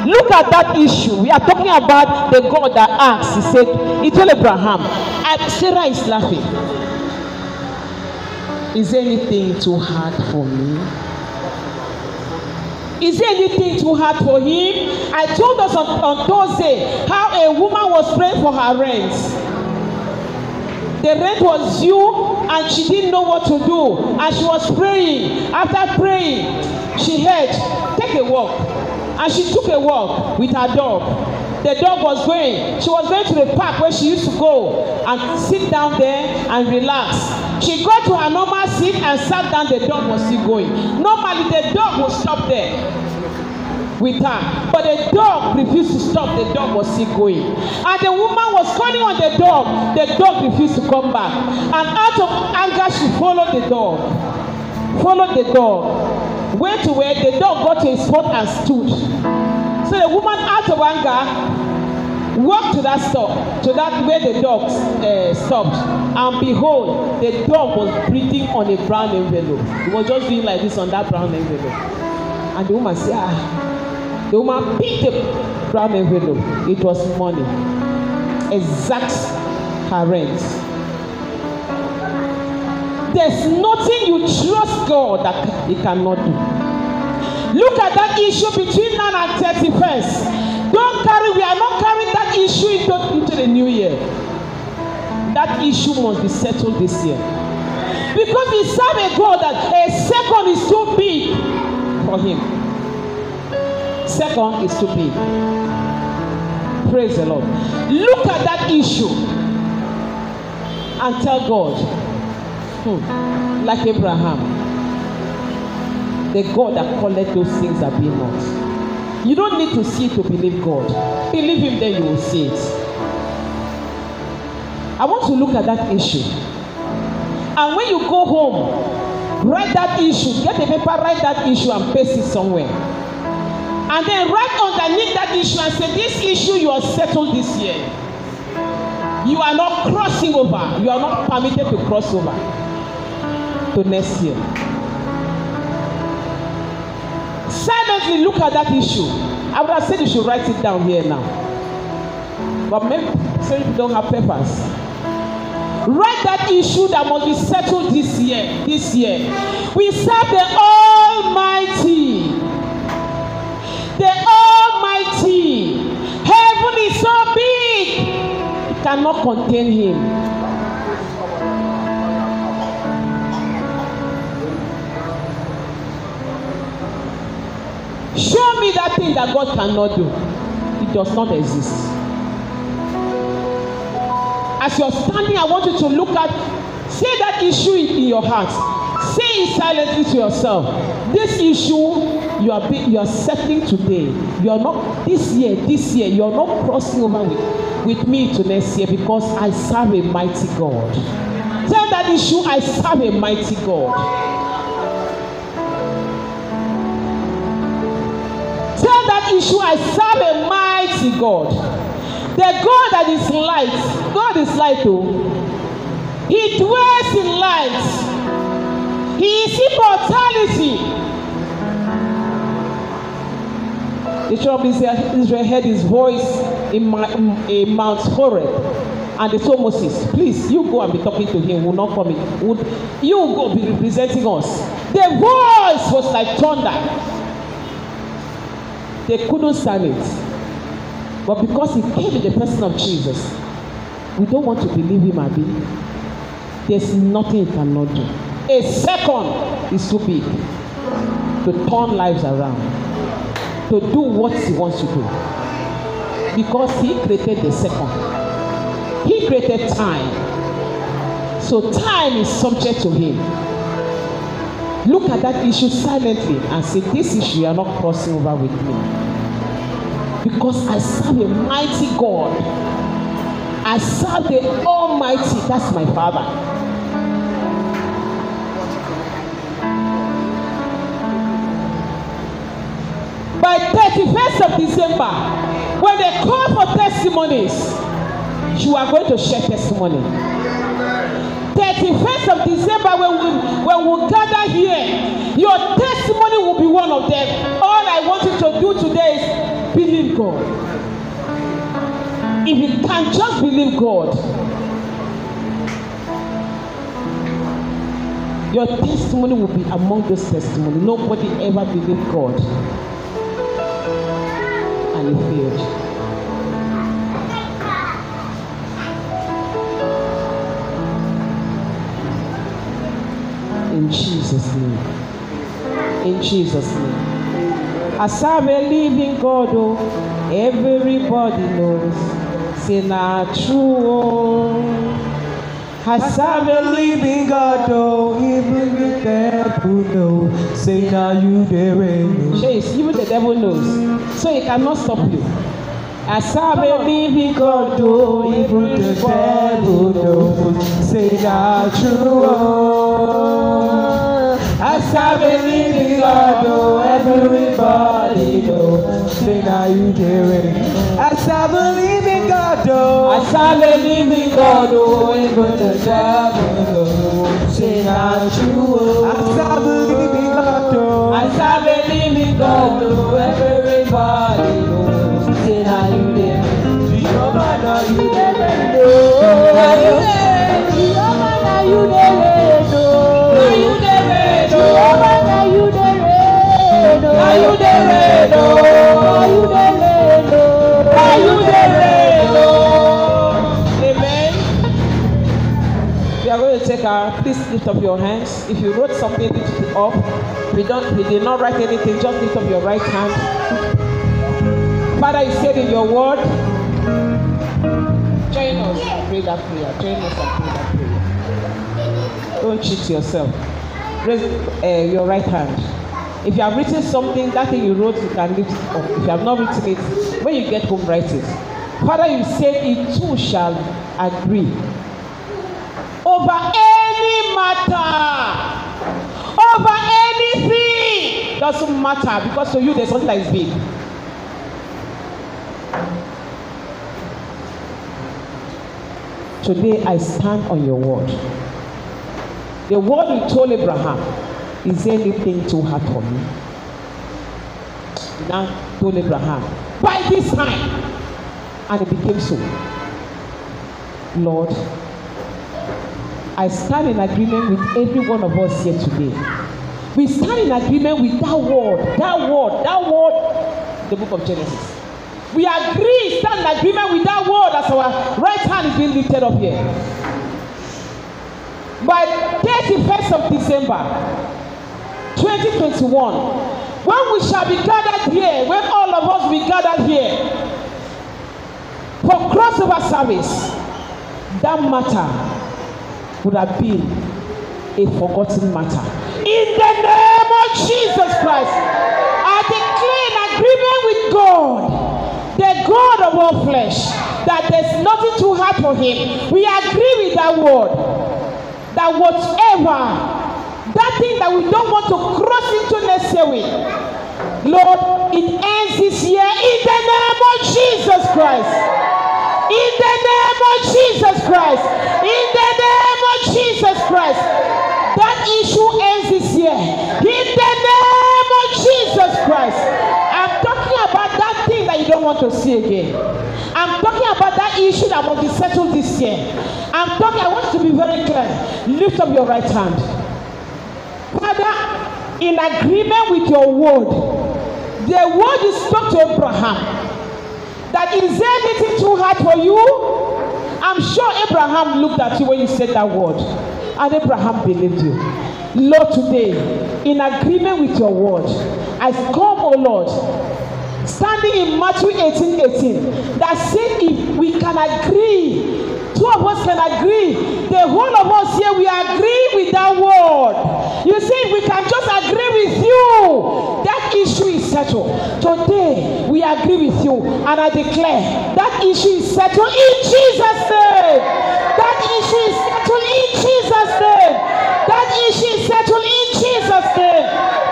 Look at that issue. We are talking about the God that asked. He said, He told Abraham, and Sarah is laughing. Is anything too hard for me? Is anything too hard for him? I told us on, on Thursday how a woman was praying for her rent. The rent was due and she didn't know what to do and she was praying after praying she heard take a walk and she took a walk with her dog the dog was going she was going to the park where she used to go and sit down there and relax she go to her normal seat and sat down the dog was still going normally the dog would stop there with her. But the dog refused to stop. The dog was still going. And the woman was calling on the dog. The dog refused to come back. And out of anger, she followed the dog. Followed the dog. Went to where the dog got to a spot and stood. So the woman, out of anger, walked to that stop, to that where the dog uh, stopped. And behold, the dog was breathing on a brown envelope. It was just doing like this on that brown envelope. And the woman said, ah. The woman picked the brown envelope. It was money. Exact her rent. There's nothing you trust God that He cannot do. Look at that issue between now and thirty first. Don't carry, we are not carrying that issue into, into the new year. That issue must be settled this year. Because we serve a God that a second is too big for Him. Second is to be. Praise the Lord. Look at that issue and tell God, hmm, like Abraham, the God that calleth those things that be not. You don't need to see to believe God. Believe Him, then you will see it. I want to look at that issue. And when you go home, write that issue, get a paper, write that issue, and paste it somewhere. And then right underneath that issue and say, This issue you are settled this year. You are not crossing over. You are not permitted to cross over to next year. Silently look at that issue. I would have said you should write it down here now. But maybe some people don't have papers. Write that issue that must be settled this year. This year. We serve the Almighty the Almighty. Heaven is so big, it cannot contain him. Show me that thing that God cannot do. It does not exist. As you're standing, I want you to look at, see that issue in your heart saying silently to yourself, this issue you are being, you are settling today, you are not this year, this year, you are not crossing over with, with me to next year because I serve a mighty God. Tell that issue I serve a mighty God. Tell that issue I serve a mighty God. The God that is light, God is light, oh. He dwells in light. His immortality. The children of Israel heard his voice in, my, in Mount Horeb. And they told Moses, please, you go and be talking to him. We're not coming. We'll, you go be representing us. The voice was like thunder. They couldn't stand it. But because he came in the person of Jesus, we don't want to believe him, Abi. There's nothing he cannot do. A second is too big to turn lives around, to do what He wants to do. Because He created the second, He created time. So time is subject to Him. Look at that issue silently and say, This issue you are not crossing over with me. Because I serve a mighty God. I serve the Almighty. That's my Father. 31st of December, when they call for testimonies, you are going to share testimony. 31st of December, when we, when we gather here, your testimony will be one of them. All I want you to do today is believe God. If you can just believe God, your testimony will be among those testimony. Nobody ever believed God. Jesus' name. As I believe in God, oh, everybody knows. Say now true. Oh. As I believe in God, oh, even the devil knows. Say now you there ain't. Chase, even the devil knows. So he cannot stop you. As I believe in God, oh, even the devil knows. Say now true. Oh. As I believe in God, oh, everybody, oh, sing how you doing. As I believe in God, oh, as I believe in God, oh, even the devil, oh, sing how you As I believe in God, oh, as I believe in God, oh, everybody, oh, sing how you doing. Jehovah, now you never know. Jehovah, now you never know. ayúdèrèdò ayúdèrèdò ayúdèrèdò. Amen. We are going to take our please lift up your hands. If you wrote something, lift it up. We don't we did not write anything, just lift up your right hand. Father, you said in your word. Join us and pray that prayer. Join us and pray that prayer. Don't cheat yourself. Raise uh, your right hand. If you have written something, that thing you wrote, you can lift it If you have not written it, when you get home, write it. Father, you said it too shall agree. Over any matter, over anything, doesn't matter because to you there's something that is big. Today I stand on your word. The word you told Abraham Is anything too hard for me? Now told Abraham, By this time. And it became so. Lord, I stand in agreement with every one of us here today. We stand in agreement with that word, that word, that word, the book of Genesis. We agree, stand in agreement with that word as our right hand is being lifted up here. By 31st of December, 2021, when we shall be gathered here, when all of us be gathered here for crossover service, that matter would have been a forgotten matter. In the name of Jesus Christ, I declare an agreement with God, the God of all flesh, that there's nothing too hard for Him. We agree with that word, that whatever that thing that we don't want to cross into next year with. Lord, it ends this year in the name of Jesus Christ. In the name of Jesus Christ. In the name of Jesus Christ. That issue ends this year. In the name of Jesus Christ. I'm talking about that thing that you don't want to see again. I'm talking about that issue that must be settled this year. I'm talking, I want to be very clear. Lift up your right hand. Father, in agreement with your word, the word you spoke to Abraham, that is there anything too hard for you? I'm sure Abraham looked at you when you said that word, and Abraham believed you. Lord, today, in agreement with your word, I come, O oh Lord, standing in Matthew 18 18, that say if we can agree two of us can agree, the whole of us here, we agree with that word. You see, we can just agree with you, that issue is settled. Today, we agree with you, and I declare that issue is settled in Jesus' name. That issue is settled in Jesus' name. That issue is settled in Jesus' name.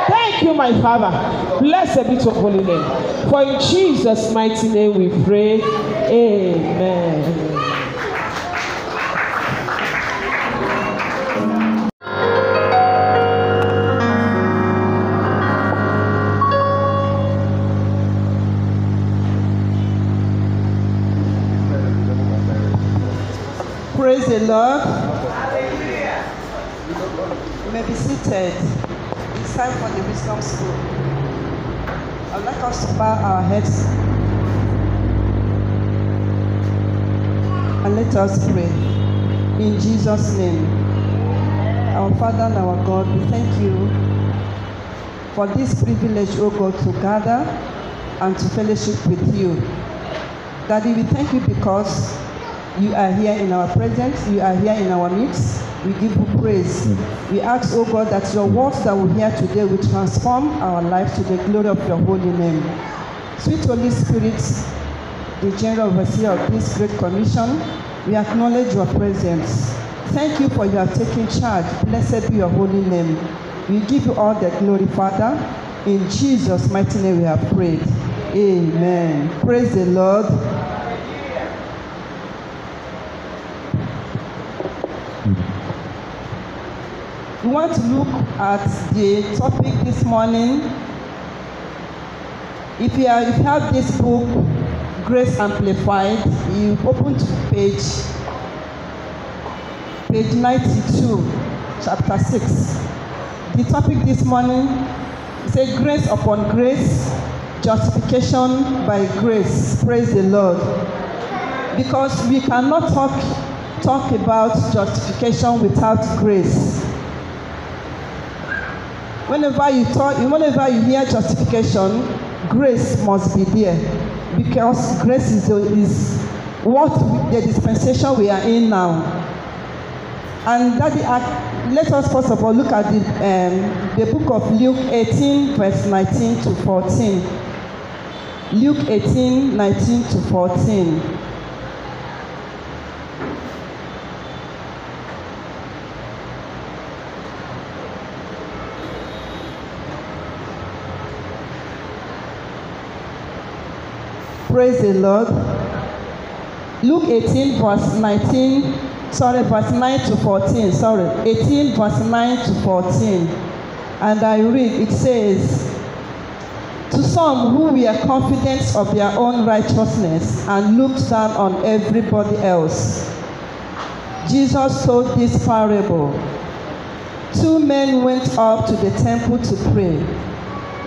Thank you, my Father. Bless a bit of holy name. For in Jesus' mighty name we pray. Amen. the Lord. You may be seated. It's time for the wisdom school. I'd like us to bow our heads and let us pray. In Jesus' name, our Father and our God, we thank you for this privilege, O God, to gather and to fellowship with you. Daddy, we thank you because you are here in our presence. You are here in our midst. We give you praise. Mm. We ask, O oh God, that your words that we hear today will transform our life to the glory of your holy name. Sweet Holy Spirit, the General Overseer of this Great Commission, we acknowledge your presence. Thank you for your taking charge. Blessed be your holy name. We give you all the glory, Father. In Jesus' mighty name we have prayed. Amen. Praise the Lord. We want to look at the topic this morning. If you, are, if you have this book, Grace Amplified, you open to page page 92, chapter 6. The topic this morning is a grace upon grace, justification by grace. Praise the Lord. Because we cannot talk, talk about justification without grace whenever you talk whenever you hear justification grace must be there because grace is is what the dispensation we are in now and that the let us first of all look at the um, the book of Luke eighteen verse nineteen to fourteen. Luke eighteen nineteen to fourteen. Praise the Lord. Luke 18, verse 19, sorry, verse 9 to 14, sorry, 18, verse 9 to 14. And I read, it says, To some who were confident of their own righteousness and looked down on everybody else, Jesus told this parable. Two men went up to the temple to pray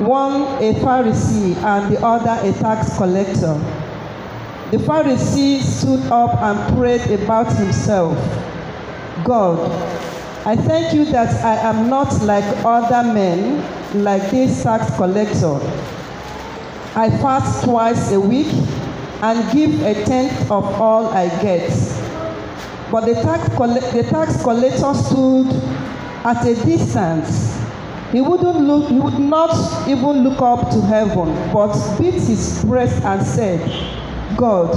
one a Pharisee and the other a tax collector. The Pharisee stood up and prayed about himself God, I thank you that I am not like other men, like this tax collector. I fast twice a week and give a tenth of all I get. But the tax, the tax collector stood at a distance He wouldn't look, he would not even look up to heaven, but beat his breast and said, God,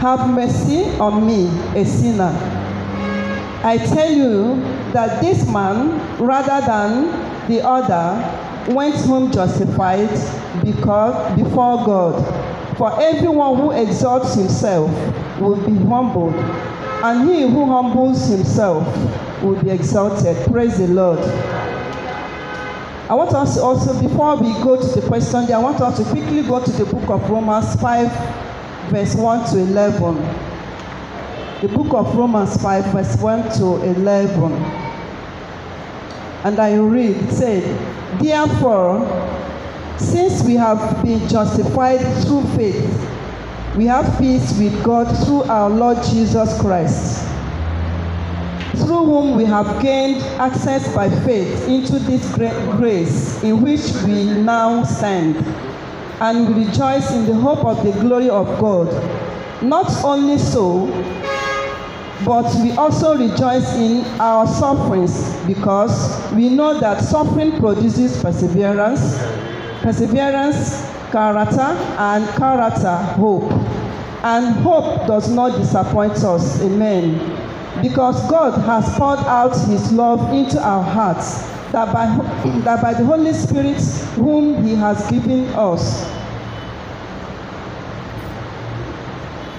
have mercy on me, a sinner. I tell you that this man, rather than the other, went home justified because, before God. For everyone who exalts himself will be humbled, and he who humbles himself will be exalted. Praise the Lord. I want us also, before we go to the question I want us to quickly go to the book of Romans 5, verse 1 to 11. The book of Romans 5, verse 1 to 11. And I read, it said, Therefore, since we have been justified through faith, we have peace with God through our Lord Jesus Christ through whom we have gained access by faith into this great grace in which we now stand, and we rejoice in the hope of the glory of God. Not only so, but we also rejoice in our sufferings because we know that suffering produces perseverance, perseverance, character, and character, hope. And hope does not disappoint us. Amen because God has poured out his love into our hearts that by, that by the Holy Spirit whom he has given us.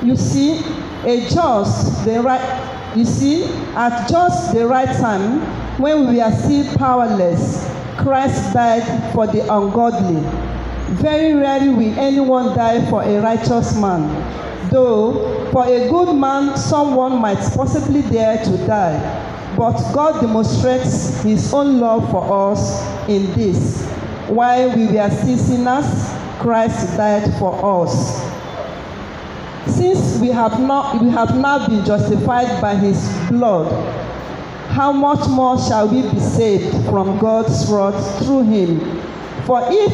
You see, a just the right you see, at just the right time, when we are still powerless, Christ died for the ungodly. Very rarely will anyone die for a righteous man. Though for a good man, someone might possibly dare to die, but God demonstrates his own love for us in this. While we were still sinners, Christ died for us. Since we have, not, we have now been justified by his blood, how much more shall we be saved from God's wrath through him? For if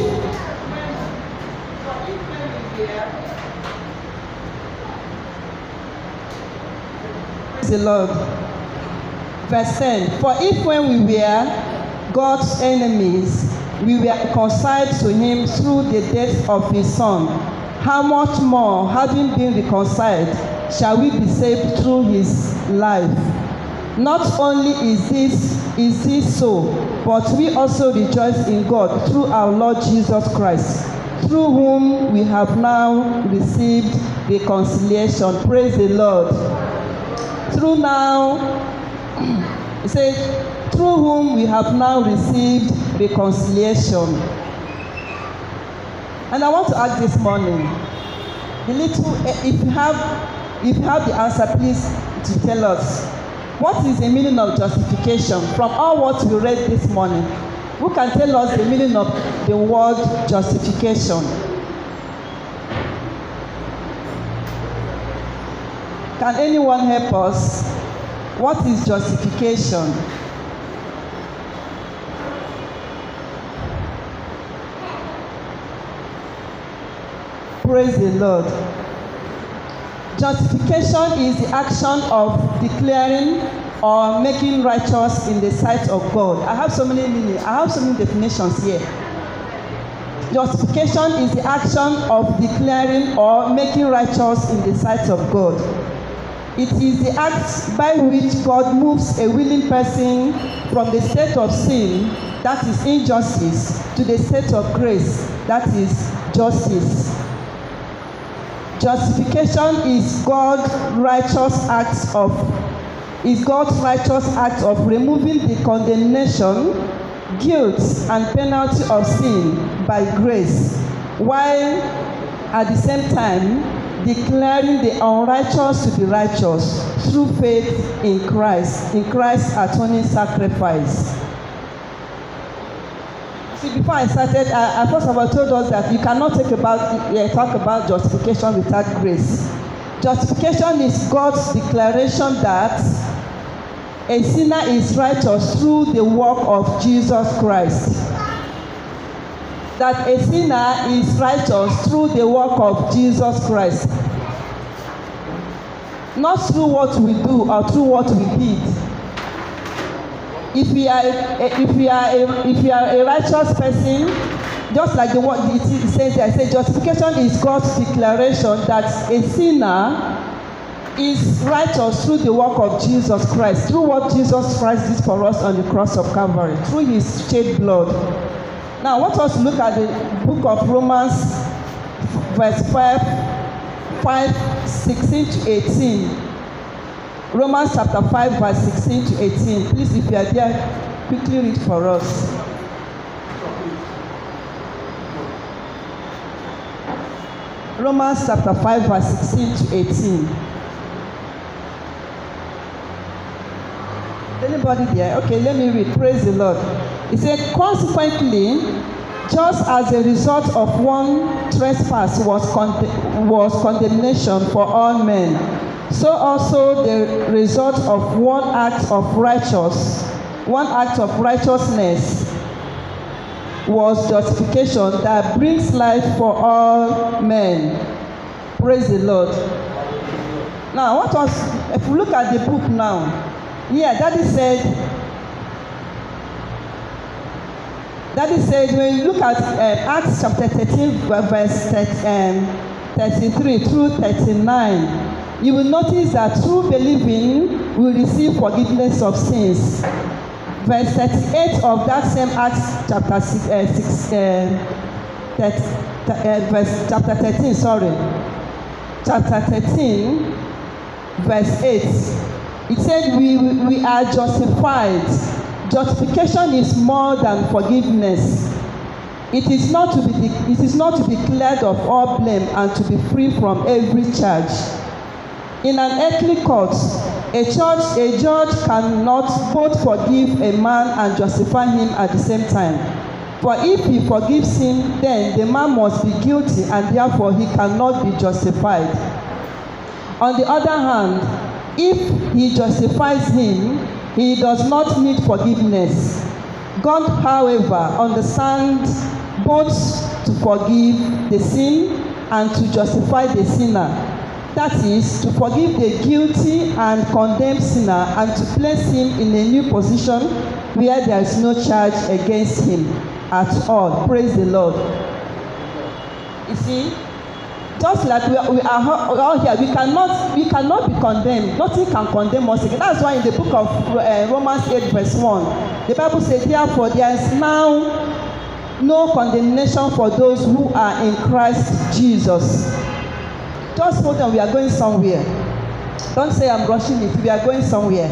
the Lord. Verse 10 For if when we were God's enemies, we were reconciled to him through the death of his son, how much more, having been reconciled, shall we be saved through his life? Not only is this is this so, but we also rejoice in God through our Lord Jesus Christ, through whom we have now received reconciliation. Praise the Lord through now, he says, through whom we have now received reconciliation. And I want to ask this morning, the little, if you have, if you have the answer, please to tell us. What is the meaning of justification? From all what we read this morning, who can tell us the meaning of the word justification? Can anyone help us? What is justification? Praise the Lord. Justification is the action of declaring or making righteous in the sight of God. I have so many meaning. I have so many definitions here. Justification is the action of declaring or making righteous in the sight of God. It is the act by which God moves a willing person from the state of sin, that is injustice, to the state of grace, that is justice. Justification is God's righteous act of is God's righteous act of removing the condemnation, guilt, and penalty of sin by grace, while at the same time declaring the unrighteous to be righteous through faith in Christ, in Christ's atoning sacrifice. See, before I started, I, I first of all told us that you cannot talk about, yeah, talk about justification without grace. Justification is God's declaration that a sinner is righteous through the work of Jesus Christ that a sinner is righteous through the work of Jesus Christ, not through what we do or through what we did. If we are if we are a, if we are a righteous person, just like the word it says I say justification is God's declaration that a sinner is righteous through the work of Jesus Christ, through what Jesus Christ did for us on the cross of Calvary, through his shed blood. Now, let us look at the book of Romans, verse 5, 5 16 to 18. Romans chapter 5, verse 16 to 18. Please, if you are there, quickly read for us. Romans chapter 5, verse 16 to 18. Anybody there? Okay, let me read. Praise the Lord. He said, consequently, just as a result of one trespass was, con- was condemnation for all men, so also the result of one act of righteous, one act of righteousness was justification that brings life for all men. Praise the Lord. Now, what was, if we look at the book now, yeah, Daddy said That is, says, when you look at uh, Acts chapter 13, verse 30, um, 33 through 39, you will notice that true believing, will receive forgiveness of sins. Verse 38 of that same Acts chapter six, uh, six, uh, um, 30, uh, verse chapter 13, sorry. Chapter 13, verse 8. It says we, we are justified Justification is more than forgiveness. It is not to be it is not to be cleared of all blame and to be free from every charge. In an earthly court, a judge a judge cannot both forgive a man and justify him at the same time. For if he forgives him, then the man must be guilty and therefore he cannot be justified. On the other hand, if he justifies him, He does not need forgiveness. God, however, understands both to forgive the sin and to justify the sinner. That is, to forgive the guilty and condemned sinner and to place him in a new position where there is no charge against him at all. Praise the Lord. You see? just like we are, we are all here we cannot we cannot be condemned nothing can condemn us again that's why in the book of uh, romans eight verse one the bible say therefore there is now no condemnation for those who are in christ jesus just hold on we are going somewhere don't say i'm rushing it we are going somewhere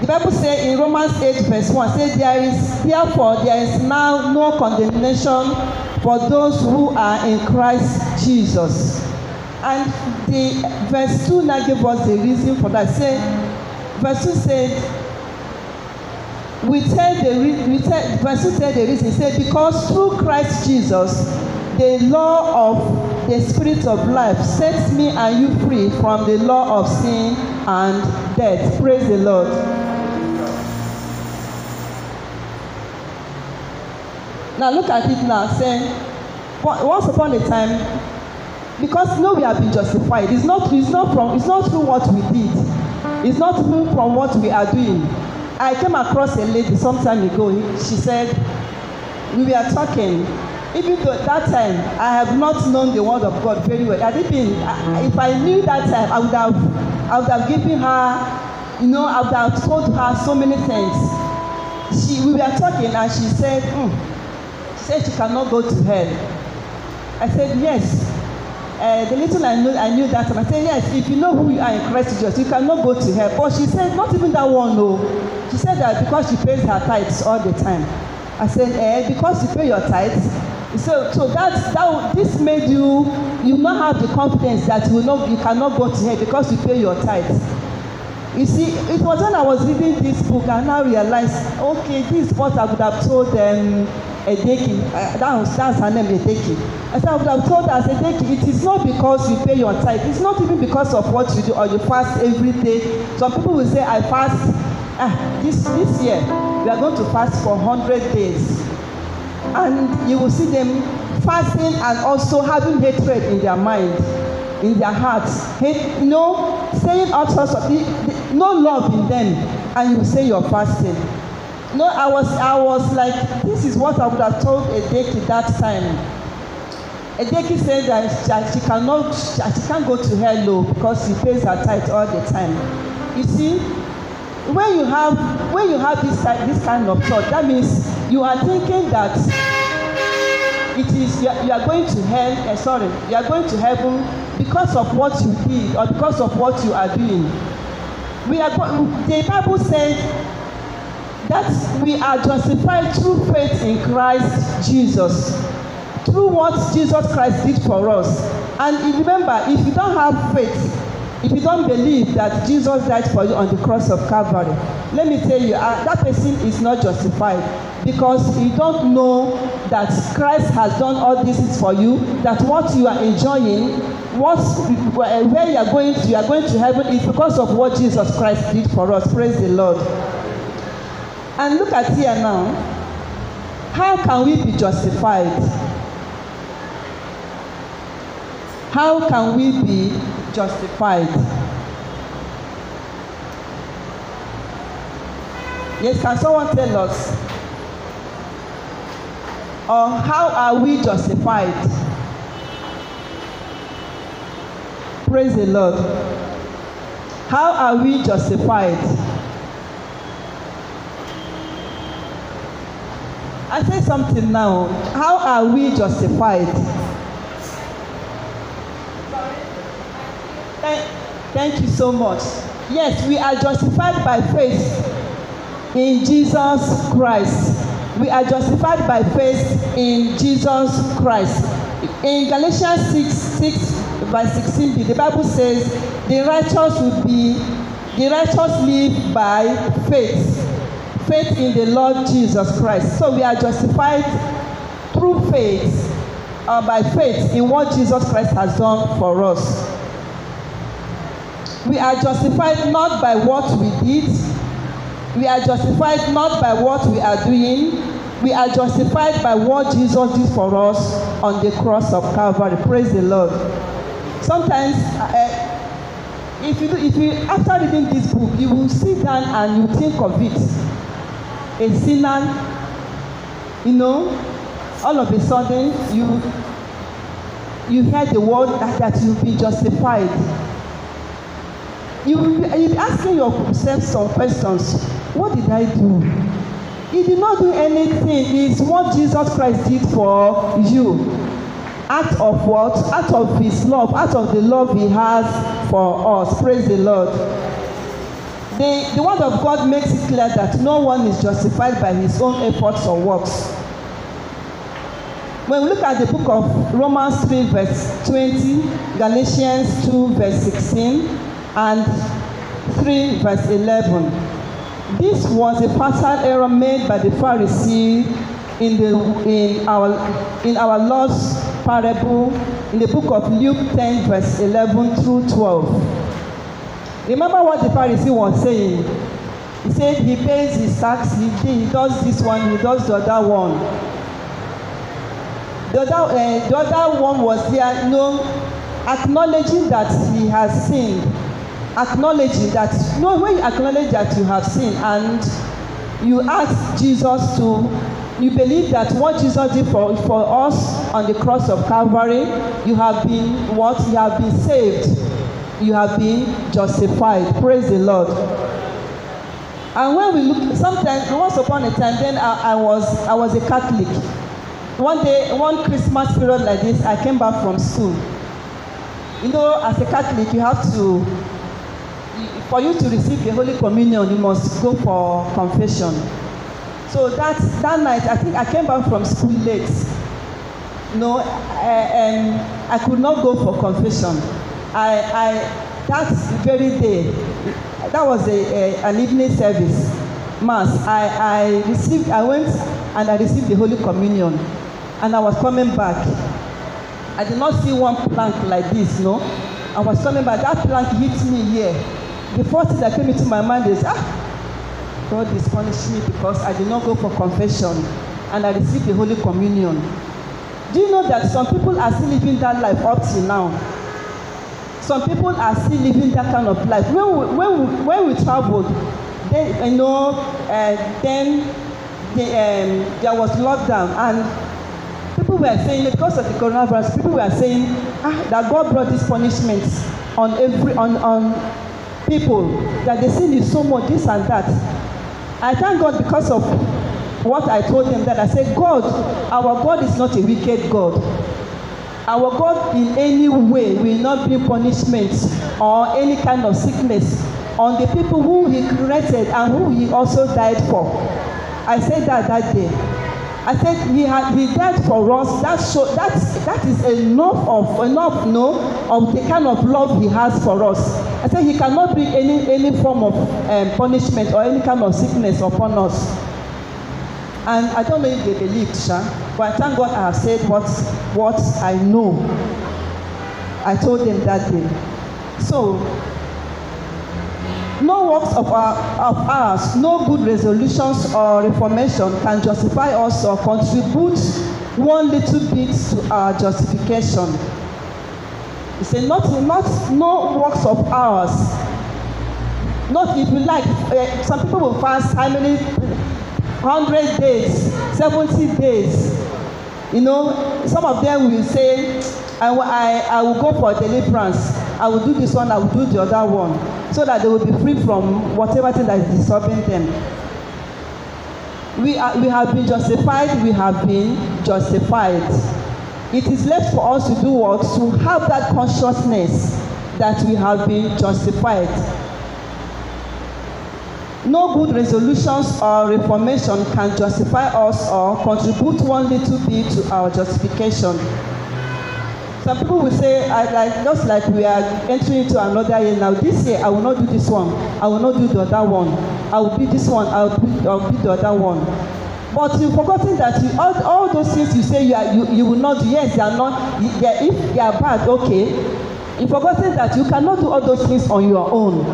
The Bible says in Romans 8, verse 1, says, There is therefore there is now no condemnation for those who are in Christ Jesus. And the verse 2 now gave us the reason for that. Say, verse 2 said, we tell the we tell verse 2 said the reason Said because through Christ Jesus the law of the spirit of life sets me and you free from the law of sin and death praise the Lord. Now look at it now, Say, once upon a time, because know we have been justified. It's not, it's not from, it's not through what we did. It's not even from what we are doing. I came across a lady some time ago. She said, we were talking. Even though that time, I have not known the word of God very well. Had it been, if I knew that time, I would have, I would have given her, you know, I would have told her so many things. She, we were talking, and she said, mm, said she cannot go to hell. I said, yes. Uh, the little I knew, I knew that time, I said, yes, if you know who you are in Christ Jesus, you cannot go to hell. But she said, not even that one, no. She said that because she pays her tithes all the time. I said, eh, because you pay your tithes, so so that that this made you you not have the confidence that you will not, you cannot go to hell because you pay your tithes you see it was when i was reading this book i now realize okay this is what i would have told them. Um, edeki eh, that's that's her name edeki i said i would have told her say edeki it is not because you pay your tithe it's not even because of what you do or you fast every day some people will say i fast ah this this year we are going to fast for hundred days and you will see them fasting and also having hatred in their mind in their hearts hate you know saying all sorts of no love in them and you say you're fasting No, I was, I was like, this is what I would have told Edeki that time. Edeki said that, that she cannot, that she can't go to hell low because she pays her tithe all the time. You see, when you have, when you have this, this kind of thought, that means you are thinking that it is you are, you are going to hell uh, sorry you are going to heaven because of what you did or because of what you are doing we are go the bible says that we are justified through faith in Christ Jesus, through what Jesus Christ did for us. And remember, if you don't have faith, if you don't believe that Jesus died for you on the cross of Calvary, let me tell you, uh, that person is not justified because you don't know that Christ has done all this for you, that what you are enjoying, what, where you are going to, you are going to heaven is because of what Jesus Christ did for us. Praise the Lord. And look at here now. How can we be justified? How can we be justified? Yes, can someone tell us? Or how are we justified? Praise the Lord. How are we justified? I say something now. How are we justified? Thank you so much. Yes, we are justified by faith in Jesus Christ. We are justified by faith in Jesus Christ. In Galatians 6, 6 by 16b, the Bible says, the righteous will be, the righteous live by faith faith in the Lord Jesus Christ. So we are justified through faith, or uh, by faith in what Jesus Christ has done for us. We are justified not by what we did. We are justified not by what we are doing. We are justified by what Jesus did for us on the cross of Calvary. Praise the Lord. Sometimes, uh, if you do, if you after reading this book, you will sit down and you think of it a sinner, you know, all of a sudden you you hear the word that, that you be justified. You you be asking yourself some questions. What did I do? He did not do anything. It's what Jesus Christ did for you. Act of what? Act of his love, Act of the love he has for us. Praise the Lord. The, the word of God makes it clear that no one is justified by his own efforts or works. When we look at the book of Romans 3, verse 20, Galatians 2, verse 16, and 3, verse 11, this was a fatal error made by the Pharisee in, the, in, our, in our Lord's parable in the book of Luke 10, verse 11 through 12. Remember what the Pharisee was saying. He said he pays his tax, he, he does this one, he does the other one. The other, uh, the other one was there, you know, acknowledging that he has sinned. Acknowledging that, you no, know, when you acknowledge that you have sinned and you ask Jesus to you believe that what Jesus did for, for us on the cross of Calvary, you have been what? You have been saved you have been justified. Praise the Lord. And when we look, sometimes once upon a time, then I, I was I was a Catholic. One day, one Christmas period like this, I came back from school. You know, as a Catholic, you have to for you to receive the Holy Communion, you must go for confession. So that that night, I think I came back from school late. You know, and eh, eh, I could not go for confession. I, I, that very day, that was a, a, an evening service, mass. I, I received, I went and I received the Holy Communion, and I was coming back. I did not see one plank like this, no. I was coming back. That plank hit me here. The first thing that came into my mind is, ah, God is punishing me because I did not go for confession and I received the Holy Communion. Do you know that some people are still living that life up till now? some people are still living that kind of life when we when we when we traveled then you know uh, then the, um, there was lockdown and people were saying because of the coronavirus people were saying ah that God brought this punishment on every on on people that the sin is so much this and that i thank god because of what i told them that i say god our god is not a wicked god Our God in any way will not bring punishment or any kind of sickness on the people who he created and who he also died for. I said that that day. I said he had he died for us. That show that that is enough of enough no of the kind of love he has for us. I said he cannot bring any any form of um, punishment or any kind of sickness upon us. And I don't know if they believe, Sha. Huh? But I thank God I have said what, what I know. I told them that day. So, no works of, our, of ours, no good resolutions or reformation can justify us or contribute one little bit to our justification. He said, not, not, no works of ours. Not if you like, uh, some people will fast how many hundred days seventy days you know some of them will say I, I, I will go for deliverance I will do this one I will do the other one so that they will be free from whatever thing that is disturbing them we are we have been justified we have been justified it is left for us to do what to have that consciousness that we have been justified No good resolutions or reformation can justify us or contribute one little bit to our justification. Some people will say, I like just like we are entering into another year now. This year I will not do this one. I will not do the other one. I will be this one. I will be, I will be the other one. But you've forgotten that you, all, all those things you say you, are, you, you will not do. Yes, they are not. They are, if they are bad, okay. You've forgotten that you cannot do all those things on your own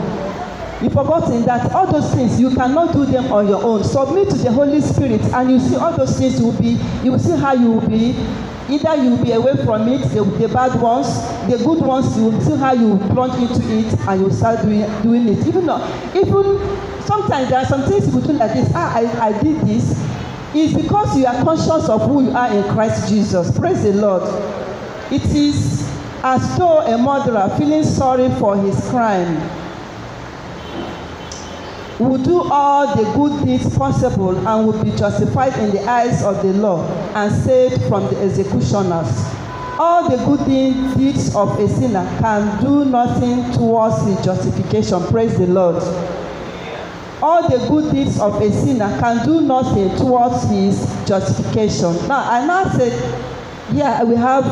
you forgot that all those things you cannot do them on your own submit to the holy spirit and you see all those things will be you will see how you will be either you will be away from it the the bad ones the good ones you will see how you plunge into it and you start doing doing it even though even sometimes there are some things you go do like this ah i i did this is because you are conscious of who you are in Christ Jesus. Praise the Lord. It is as though a murderer feeling sorry for his crime will do all the good deeds possible and will be justified in the eyes of the law and saved from the executioners. All the good deeds of a sinner can do nothing towards his justification. Praise the Lord. All the good deeds of a sinner can do nothing towards his justification. Now, I now said, yeah, we have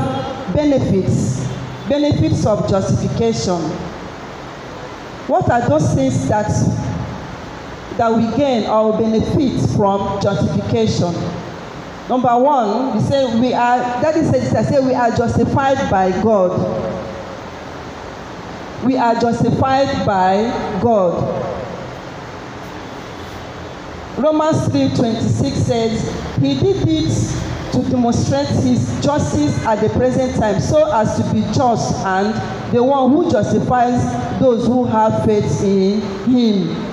benefits, benefits of justification. What are those things that that we gain or benefit from justification. Number one, we say we are, that is, I say we are justified by God. We are justified by God. Romans 3:26 says, He did it to demonstrate His justice at the present time so as to be just and the one who justifies those who have faith in Him.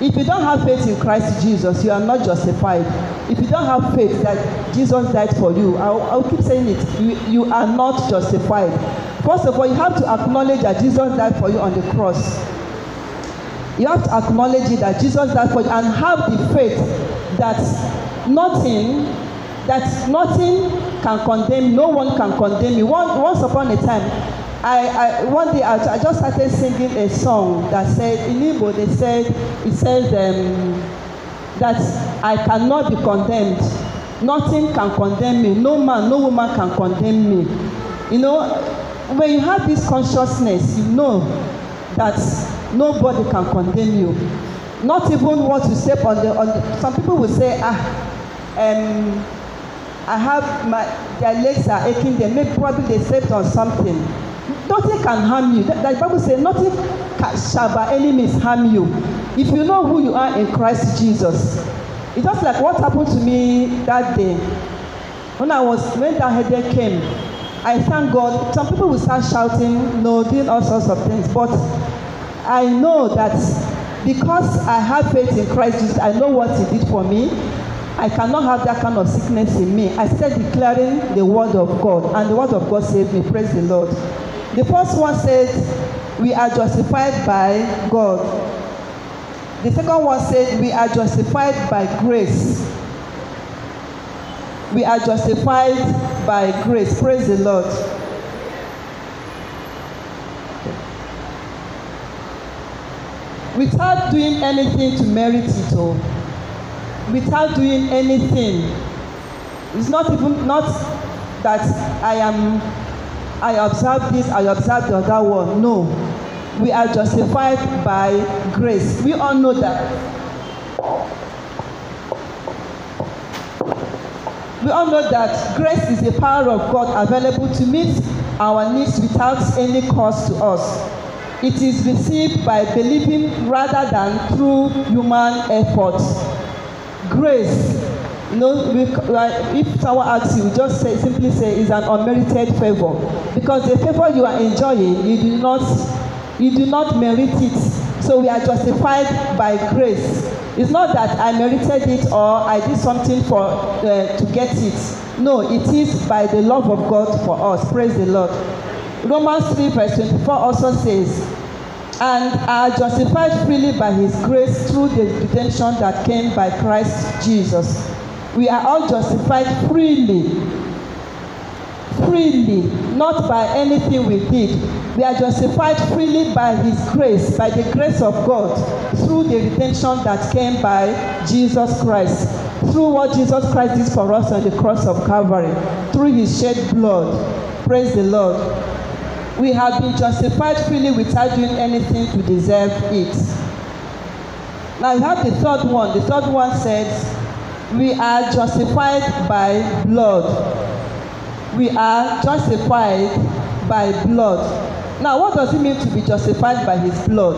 If you don't have faith in Christ Jesus, you are not justified. If you don't have faith that Jesus died for you, I'll, I'll keep saying it, you, you are not justified. First of all, you have to acknowledge that Jesus died for you on the cross. You have to acknowledge that Jesus died for you and have the faith that nothing that nothing can condemn, no one can condemn you. once upon a time, I, I one day I, I just started singing a song that said in Igbo they said it says um, that I cannot be condemned nothing can condemn me no man no woman can condemn me you know when you have this consciousness you know that nobody can condemn you not even what you say on the on the some people will say ah um, I have my their legs are aching they may probably they slept on something nothing can harm you. The, the Bible says nothing can, shall by any means harm you. If you know who you are in Christ Jesus. it just like what happened to me that day. When I was when that headache came, I thank God. Some people will start shouting, no, doing all sorts of things. But I know that because I have faith in Christ Jesus, I know what He did for me. I cannot have that kind of sickness in me. I start declaring the word of God, and the word of God saved me. Praise the Lord. The first one says, We are justified by God. The second one says, We are justified by grace. We are justified by grace. Praise the Lord. Without doing anything to merit it all, oh, without doing anything, it's not even not that I am I observe this, I observe the other one. No. We are justified by grace. We all know that. We all know that grace is a power of God available to meet our needs without any cost to us. It is received by believing rather than through human efforts. Grace No, we, like, if someone asks you, just say, simply say it's an unmerited favor. Because the favor you are enjoying, you do not, you do not merit it. So we are justified by grace. It's not that I merited it or I did something for uh, to get it. No, it is by the love of God for us. Praise the Lord. Romans three verse twenty four also says, and are justified freely by his grace through the redemption that came by Christ Jesus we are all justified freely freely not by anything we did we are justified freely by his grace by the grace of god through the redemption that came by jesus christ through what jesus christ did for us on the cross of calvary through his shed blood praise the lord we have been justified freely without doing anything to deserve it now you have the third one the third one says We are justified by blood. We are justified by blood. Now, what does it mean to be justified by his blood?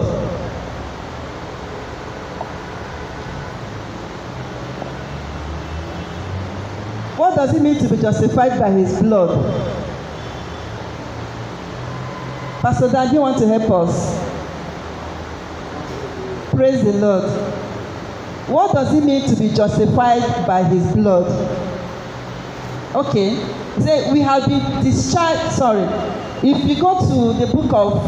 What does it mean to be justified by his blood? Pastor Dan, do you want to help us? Praise the Lord. What does it mean to be justified by his blood? Okay. Say we have been discharged. Sorry. If we go to the book of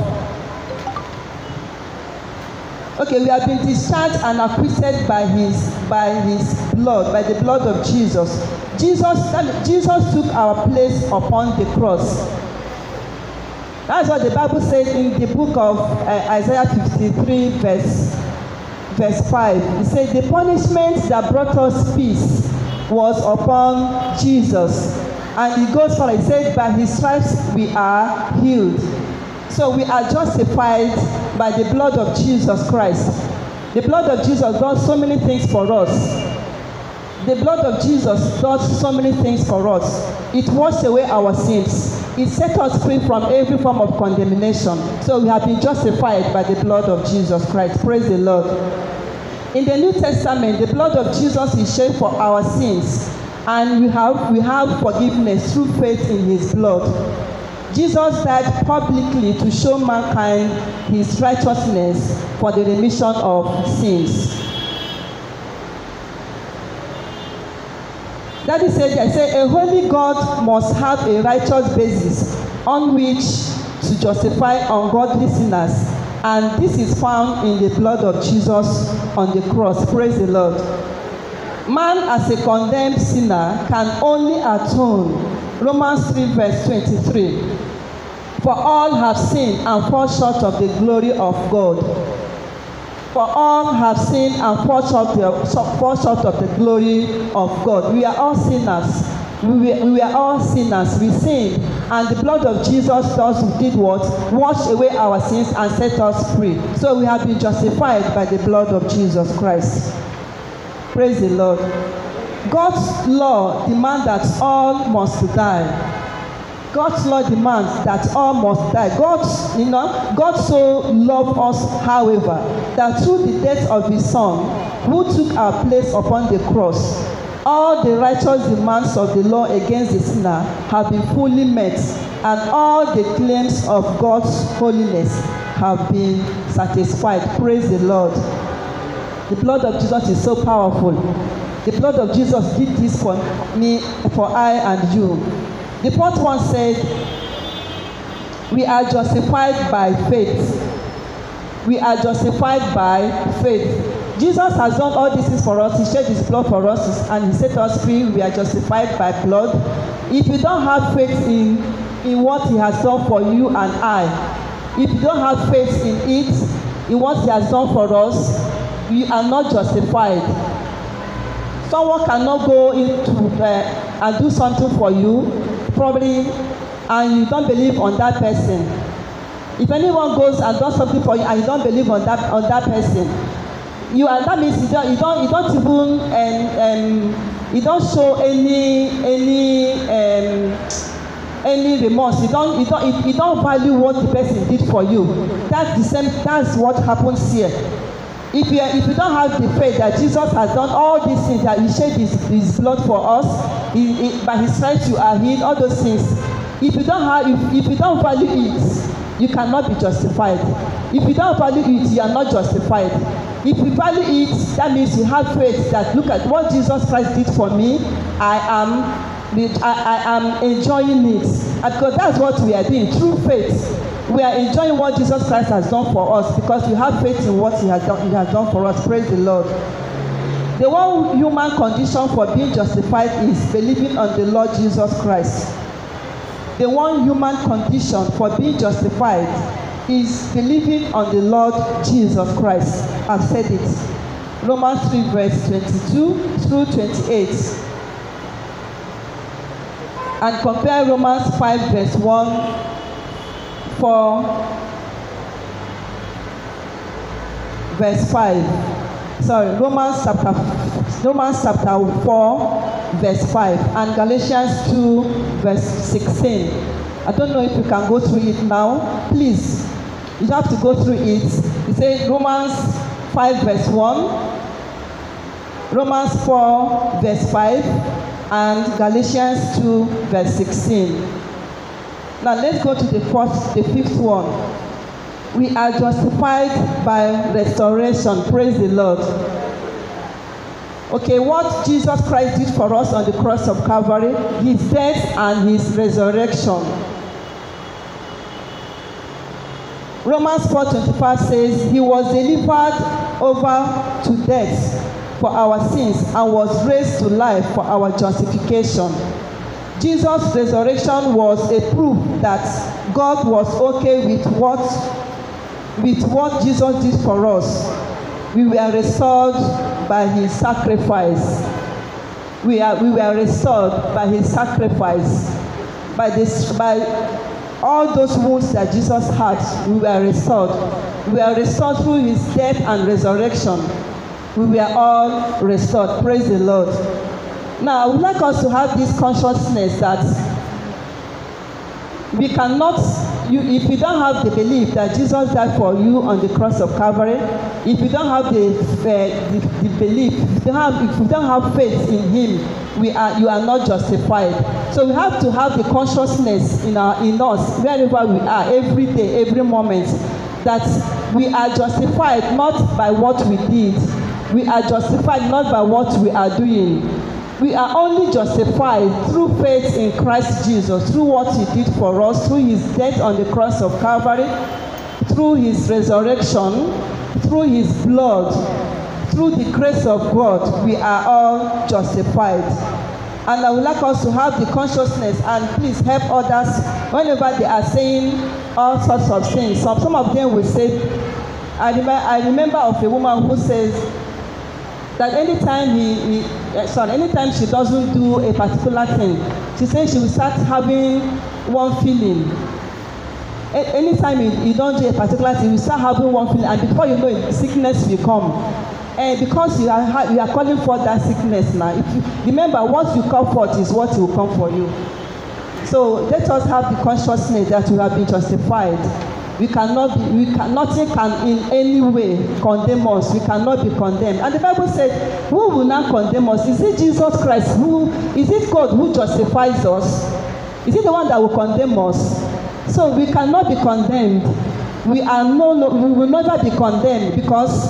okay, we have been discharged and acquitted by his by his blood, by the blood of Jesus. Jesus Jesus took our place upon the cross. That's what the Bible says in the book of uh, Isaiah 53 verse verse 5. He said, The punishment that brought us peace was upon Jesus. And he goes further. He said, By his stripes we are healed. So we are justified by the blood of Jesus Christ. The blood of Jesus does so many things for us. The blood of Jesus does so many things for us. It washes away our sins. It set us free from every form of condemnation. So we have been justified by the blood of Jesus Christ. Praise the Lord. In the New Testament, the blood of Jesus is shed for our sins, and we have, we have forgiveness through faith in his blood. Jesus died publicly to show mankind his righteousness for the remission of sins. Daddy said, I say, a holy God must have a righteous basis on which to justify ungodly sinners. And this is found in the blood of Jesus on the cross. Praise the Lord. Man, as a condemned sinner, can only atone. Romans 3, verse 23. For all have sinned and fall short of the glory of God For all have sinned and fall short, of, fall short of the glory of God. We are all sinners. We we are all sinners. We sin, And the blood of Jesus does did what? Wash away our sins and set us free. So we have been justified by the blood of Jesus Christ. Praise the Lord. God's law demands that all must die. God's law demands that all must die. God, you know, God so loved us, however, that through the death of his son, who took our place upon the cross, all the righteous demands of the law against the sinner have been fully met, and all the claims of God's holiness have been satisfied. Praise the Lord. The blood of Jesus is so powerful. The blood of Jesus did this for me, for I and you. The fourth one says, We are justified by faith. We are justified by faith. Jesus has done all this things for us. He shed his blood for us and he set us free. We are justified by blood. If you don't have faith in, in what he has done for you and I, if you don't have faith in it, in what he has done for us, we are not justified. Someone cannot go into uh, and do something for you probably and you don't believe on that person if anyone goes and does something for you and you don't believe on that on that person you and that means you don't you don't you don't even um, um, you don't show any any um, any remorse you don't you don't you, you don't value what the person did for you that's the same that's what happens here If you, if you don't have the faith that Jesus has done all these things, that he shed his, his blood for us, he, he, by his stripes you are healed, all those things. If you don't have, if, if you don't value it, you cannot be justified. If you don't value it, you are not justified. If you value it, that means you have faith that look at what Jesus Christ did for me, I am I, I am enjoying it and because that's what we are doing through faith we are enjoying what Jesus Christ has done for us because we have faith in what he has done, he has done for us. Praise the Lord. The one human condition for being justified is believing on the Lord Jesus Christ. The one human condition for being justified is believing on the Lord Jesus Christ. I've said it. Romans 3 verse 22 through 28 and compare Romans 5 verse 1 Four, verse five. sorry romans chapter romans chapter four, verse five, and galatians two, verse sixteen. i don't know if you can go through it now please you have to go through it he say romans five, verse one. romans four, verse five, and galatians two, verse sixteen. Now let's go to the first, the fifth one. We are justified by restoration. Praise the Lord. Okay, what Jesus Christ did for us on the cross of Calvary, his death and his resurrection. Romans 4:25 says, He was delivered over to death for our sins and was raised to life for our justification. Jesus' resurrection was a proof that God was okay with what with what Jesus did for us. We were restored by his sacrifice. We are we were restored by his sacrifice. By this by all those wounds that Jesus had, we were restored. We were restored through his death and resurrection. We were all restored. Praise the Lord. Now, I would like us to have this consciousness that we cannot, you, if you don't have the belief that Jesus died for you on the cross of Calvary, if you don't have the, uh, the, the belief, if you, have, if you don't have faith in Him, we are, you are not justified. So we have to have the consciousness in, our, in us, wherever we are, every day, every moment, that we are justified not by what we did, we are justified not by what we are doing We are only justified through faith in Christ Jesus, through what he did for us, through his death on the cross of Calvary, through his resurrection, through his blood, through the grace of God, we are all justified. And I would like us to have the consciousness and please help others whenever they are saying all sorts of things. Some, some of them will say, I, rem I remember of a woman who says, that anytime he he uh, sorry anytime she doesn't do a particular thing she say she will start having one feeling a anytime you you don do a particular thing you start having one feeling and before you know it sickness will come and because you are you are calling for that sickness na if you remember what you call forth is what will come for you so let us have the consciousness that we have been justified we cannot be we can nothing can in any way condemn us we cannot be condemned and the bible said who will now condemn us is it jesus christ who is it god who justifies us is it the one that will condemn us so we cannot be condemned we are no no we will never be condemned because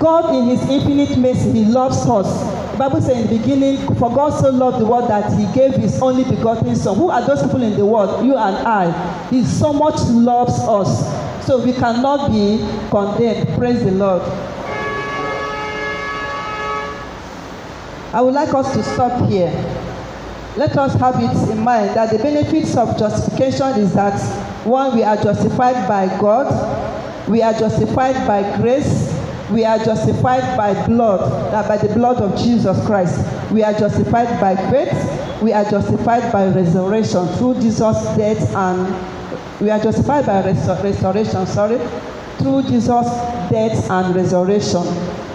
god in his infinite mercy he loves us Bible says in the beginning, for God so loved the world that he gave his only begotten son. Who are those people in the world? You and I. He so much loves us. So we cannot be condemned. Praise the Lord. I would like us to stop here. Let us have it in mind that the benefits of justification is that one, we are justified by God, we are justified by grace, We are justified by blood, uh, by the blood of Jesus Christ. We are justified by faith. We are justified by resurrection through Jesus' death and we are justified by resur restoration, sorry, through Jesus' death and resurrection.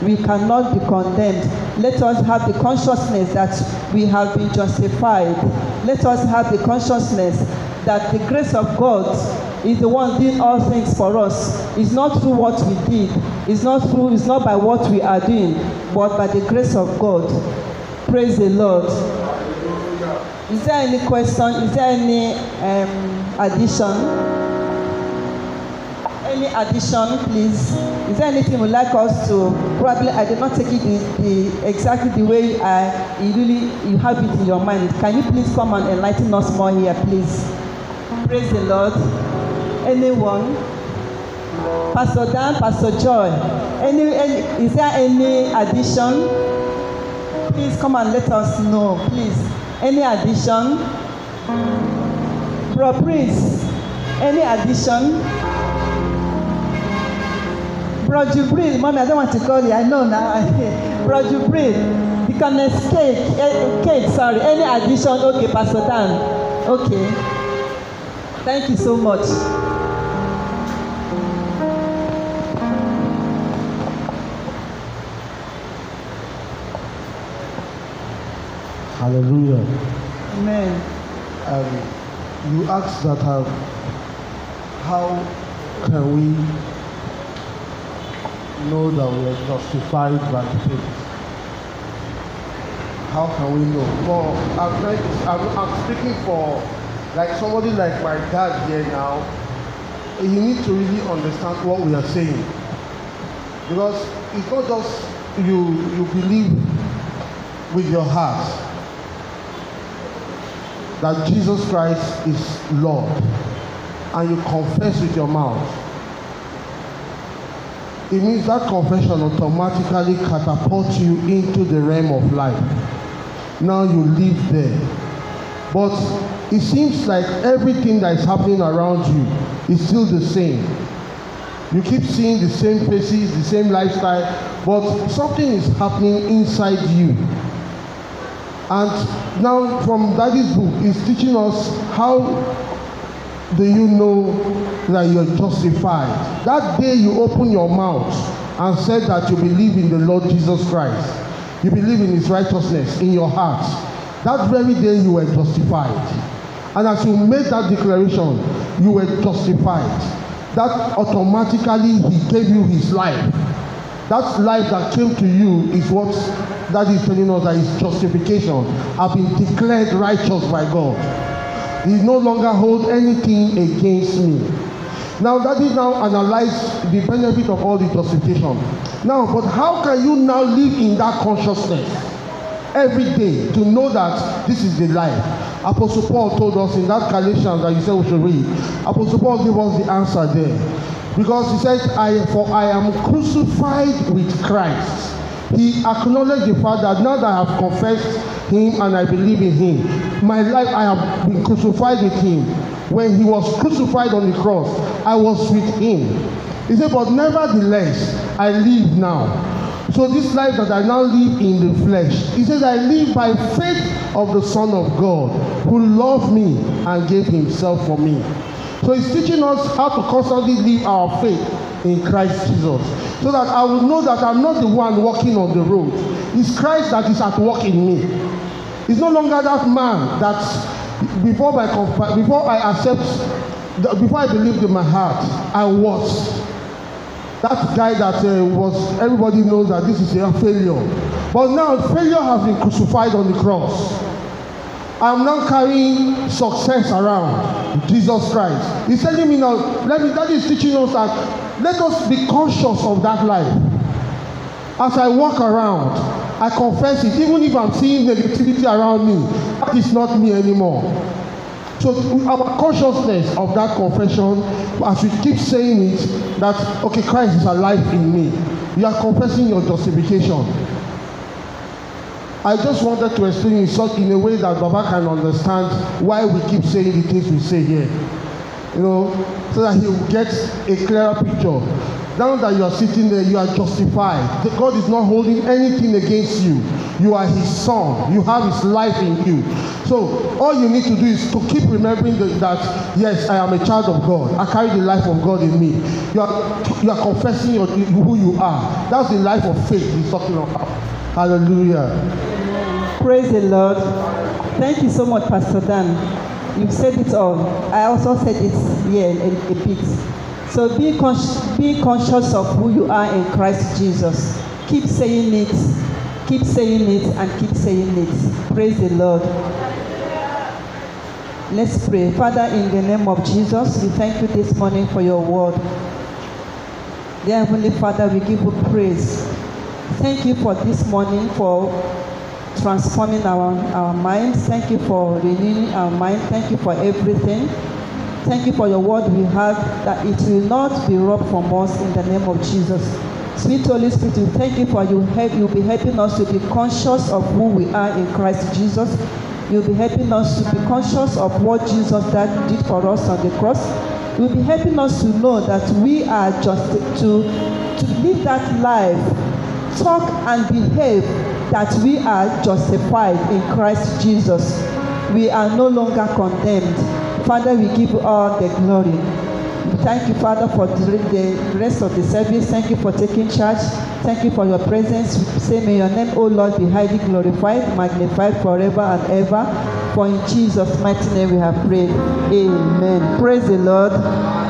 We cannot be condemned. Let us have the consciousness that we have been justified. Let us have the consciousness that the grace of God is the one doing all things for us. It's not through what we did. It's not through, it's not by what we are doing, but by the grace of God. Praise the Lord. Is there any question? Is there any um, addition? Any addition, please? Is there anything you'd like us to? Probably I did not take it the, the, exactly the way I, you really you have it in your mind. Can you please come and enlighten us more here, please? Praise the Lord anyone? Pastor Dan, Pastor Joy, any, any, is there any addition? Please come and let us know, please. Any addition? Bro Prince, any addition? Bro Jubril, mommy, I don't want to call you, I know now. Bro Jubril, You can escape. Kate, eh, sorry, any addition? Okay, Pastor Dan, okay. Thank you so much. Hallelujah. Amen. Um, you asked that how, how can we know that we are justified by faith? How can we know? For I'm, I'm, I'm speaking for like somebody like my dad here now. You need to really understand what we are saying because it's not just you you believe with your heart that Jesus Christ is Lord and you confess with your mouth, it means that confession automatically catapults you into the realm of life. Now you live there. But it seems like everything that is happening around you is still the same. You keep seeing the same faces, the same lifestyle, but something is happening inside you And now from Daddy's book, he's teaching us how do you know that you're justified. That day you open your mouth and said that you believe in the Lord Jesus Christ. You believe in his righteousness in your heart. That very day you were justified. And as you made that declaration, you were justified. That automatically he gave you his life. That life that came to you is what that is telling us that his justification have been declared righteous by God. He no longer holds anything against me. Now that is now analyze the benefit of all the justification. Now, but how can you now live in that consciousness every day to know that this is the life? Apostle Paul told us in that Galatians that you said we should read. Apostle Paul gave us the answer there. Because he said, I for I am crucified with Christ. He acknowledged the fact that now that I have confessed him and I believe in him, my life I have been crucified with him. When he was crucified on the cross, I was with him. He said, But nevertheless, I live now. So this life that I now live in the flesh, he says, I live by faith of the Son of God, who loved me and gave himself for me. So he's teaching us how to constantly live our faith in Christ Jesus so that I will know that I'm not the one walking on the road. It's Christ that is at work in me. It's no longer that man that before I before I accept before I believed in my heart I was that guy that uh, was everybody knows that this is a failure but now failure has been crucified on the cross I'm not carrying success around Jesus Christ. He's telling me now, let me, that is teaching us that let us be conscious of that life. As I walk around, I confess it, even if I'm seeing negativity around me, that is not me anymore. So our consciousness of that confession, as we keep saying it, that okay, Christ is alive in me. You are confessing your justification. I just wanted to explain in such in a way that Baba can understand why we keep saying the things we say here. You know, so that he will get a clearer picture. Now that you are sitting there, you are justified. God is not holding anything against you. You are His Son. You have His life in you. So all you need to do is to keep remembering that yes, I am a child of God. I carry the life of God in me. You are you are confessing your, who you are. That's the life of faith we're talking about. Hallelujah. Praise the Lord. Thank you so much, Pastor Dan. You've said it all. I also said it here yeah, a, a, bit. So be, con- be conscious of who you are in Christ Jesus. Keep saying it, keep saying it, and keep saying it. Praise the Lord. Let's pray. Father, in the name of Jesus, we thank you this morning for your word. Dear Heavenly Father, we give you praise. Thank you for this morning for transforming our, our mind. Thank you for renewing our mind. Thank you for everything. Thank you for your word we have that it will not be robbed from us in the name of Jesus. Sweet Holy Spirit, we thank you for you help you'll be helping us to be conscious of who we are in Christ Jesus. You'll be helping us to be conscious of what Jesus that did for us on the cross. You'll be helping us to know that we are just to to live that life talk and behave that we are justified in Christ Jesus. We are no longer condemned. Father, we give all the glory. Thank you, Father, for the rest of the service. Thank you for taking charge. Thank you for your presence. We say, may your name, O Lord, be highly glorified, magnified forever and ever. For in Jesus' mighty name we have prayed. Amen. Praise the Lord.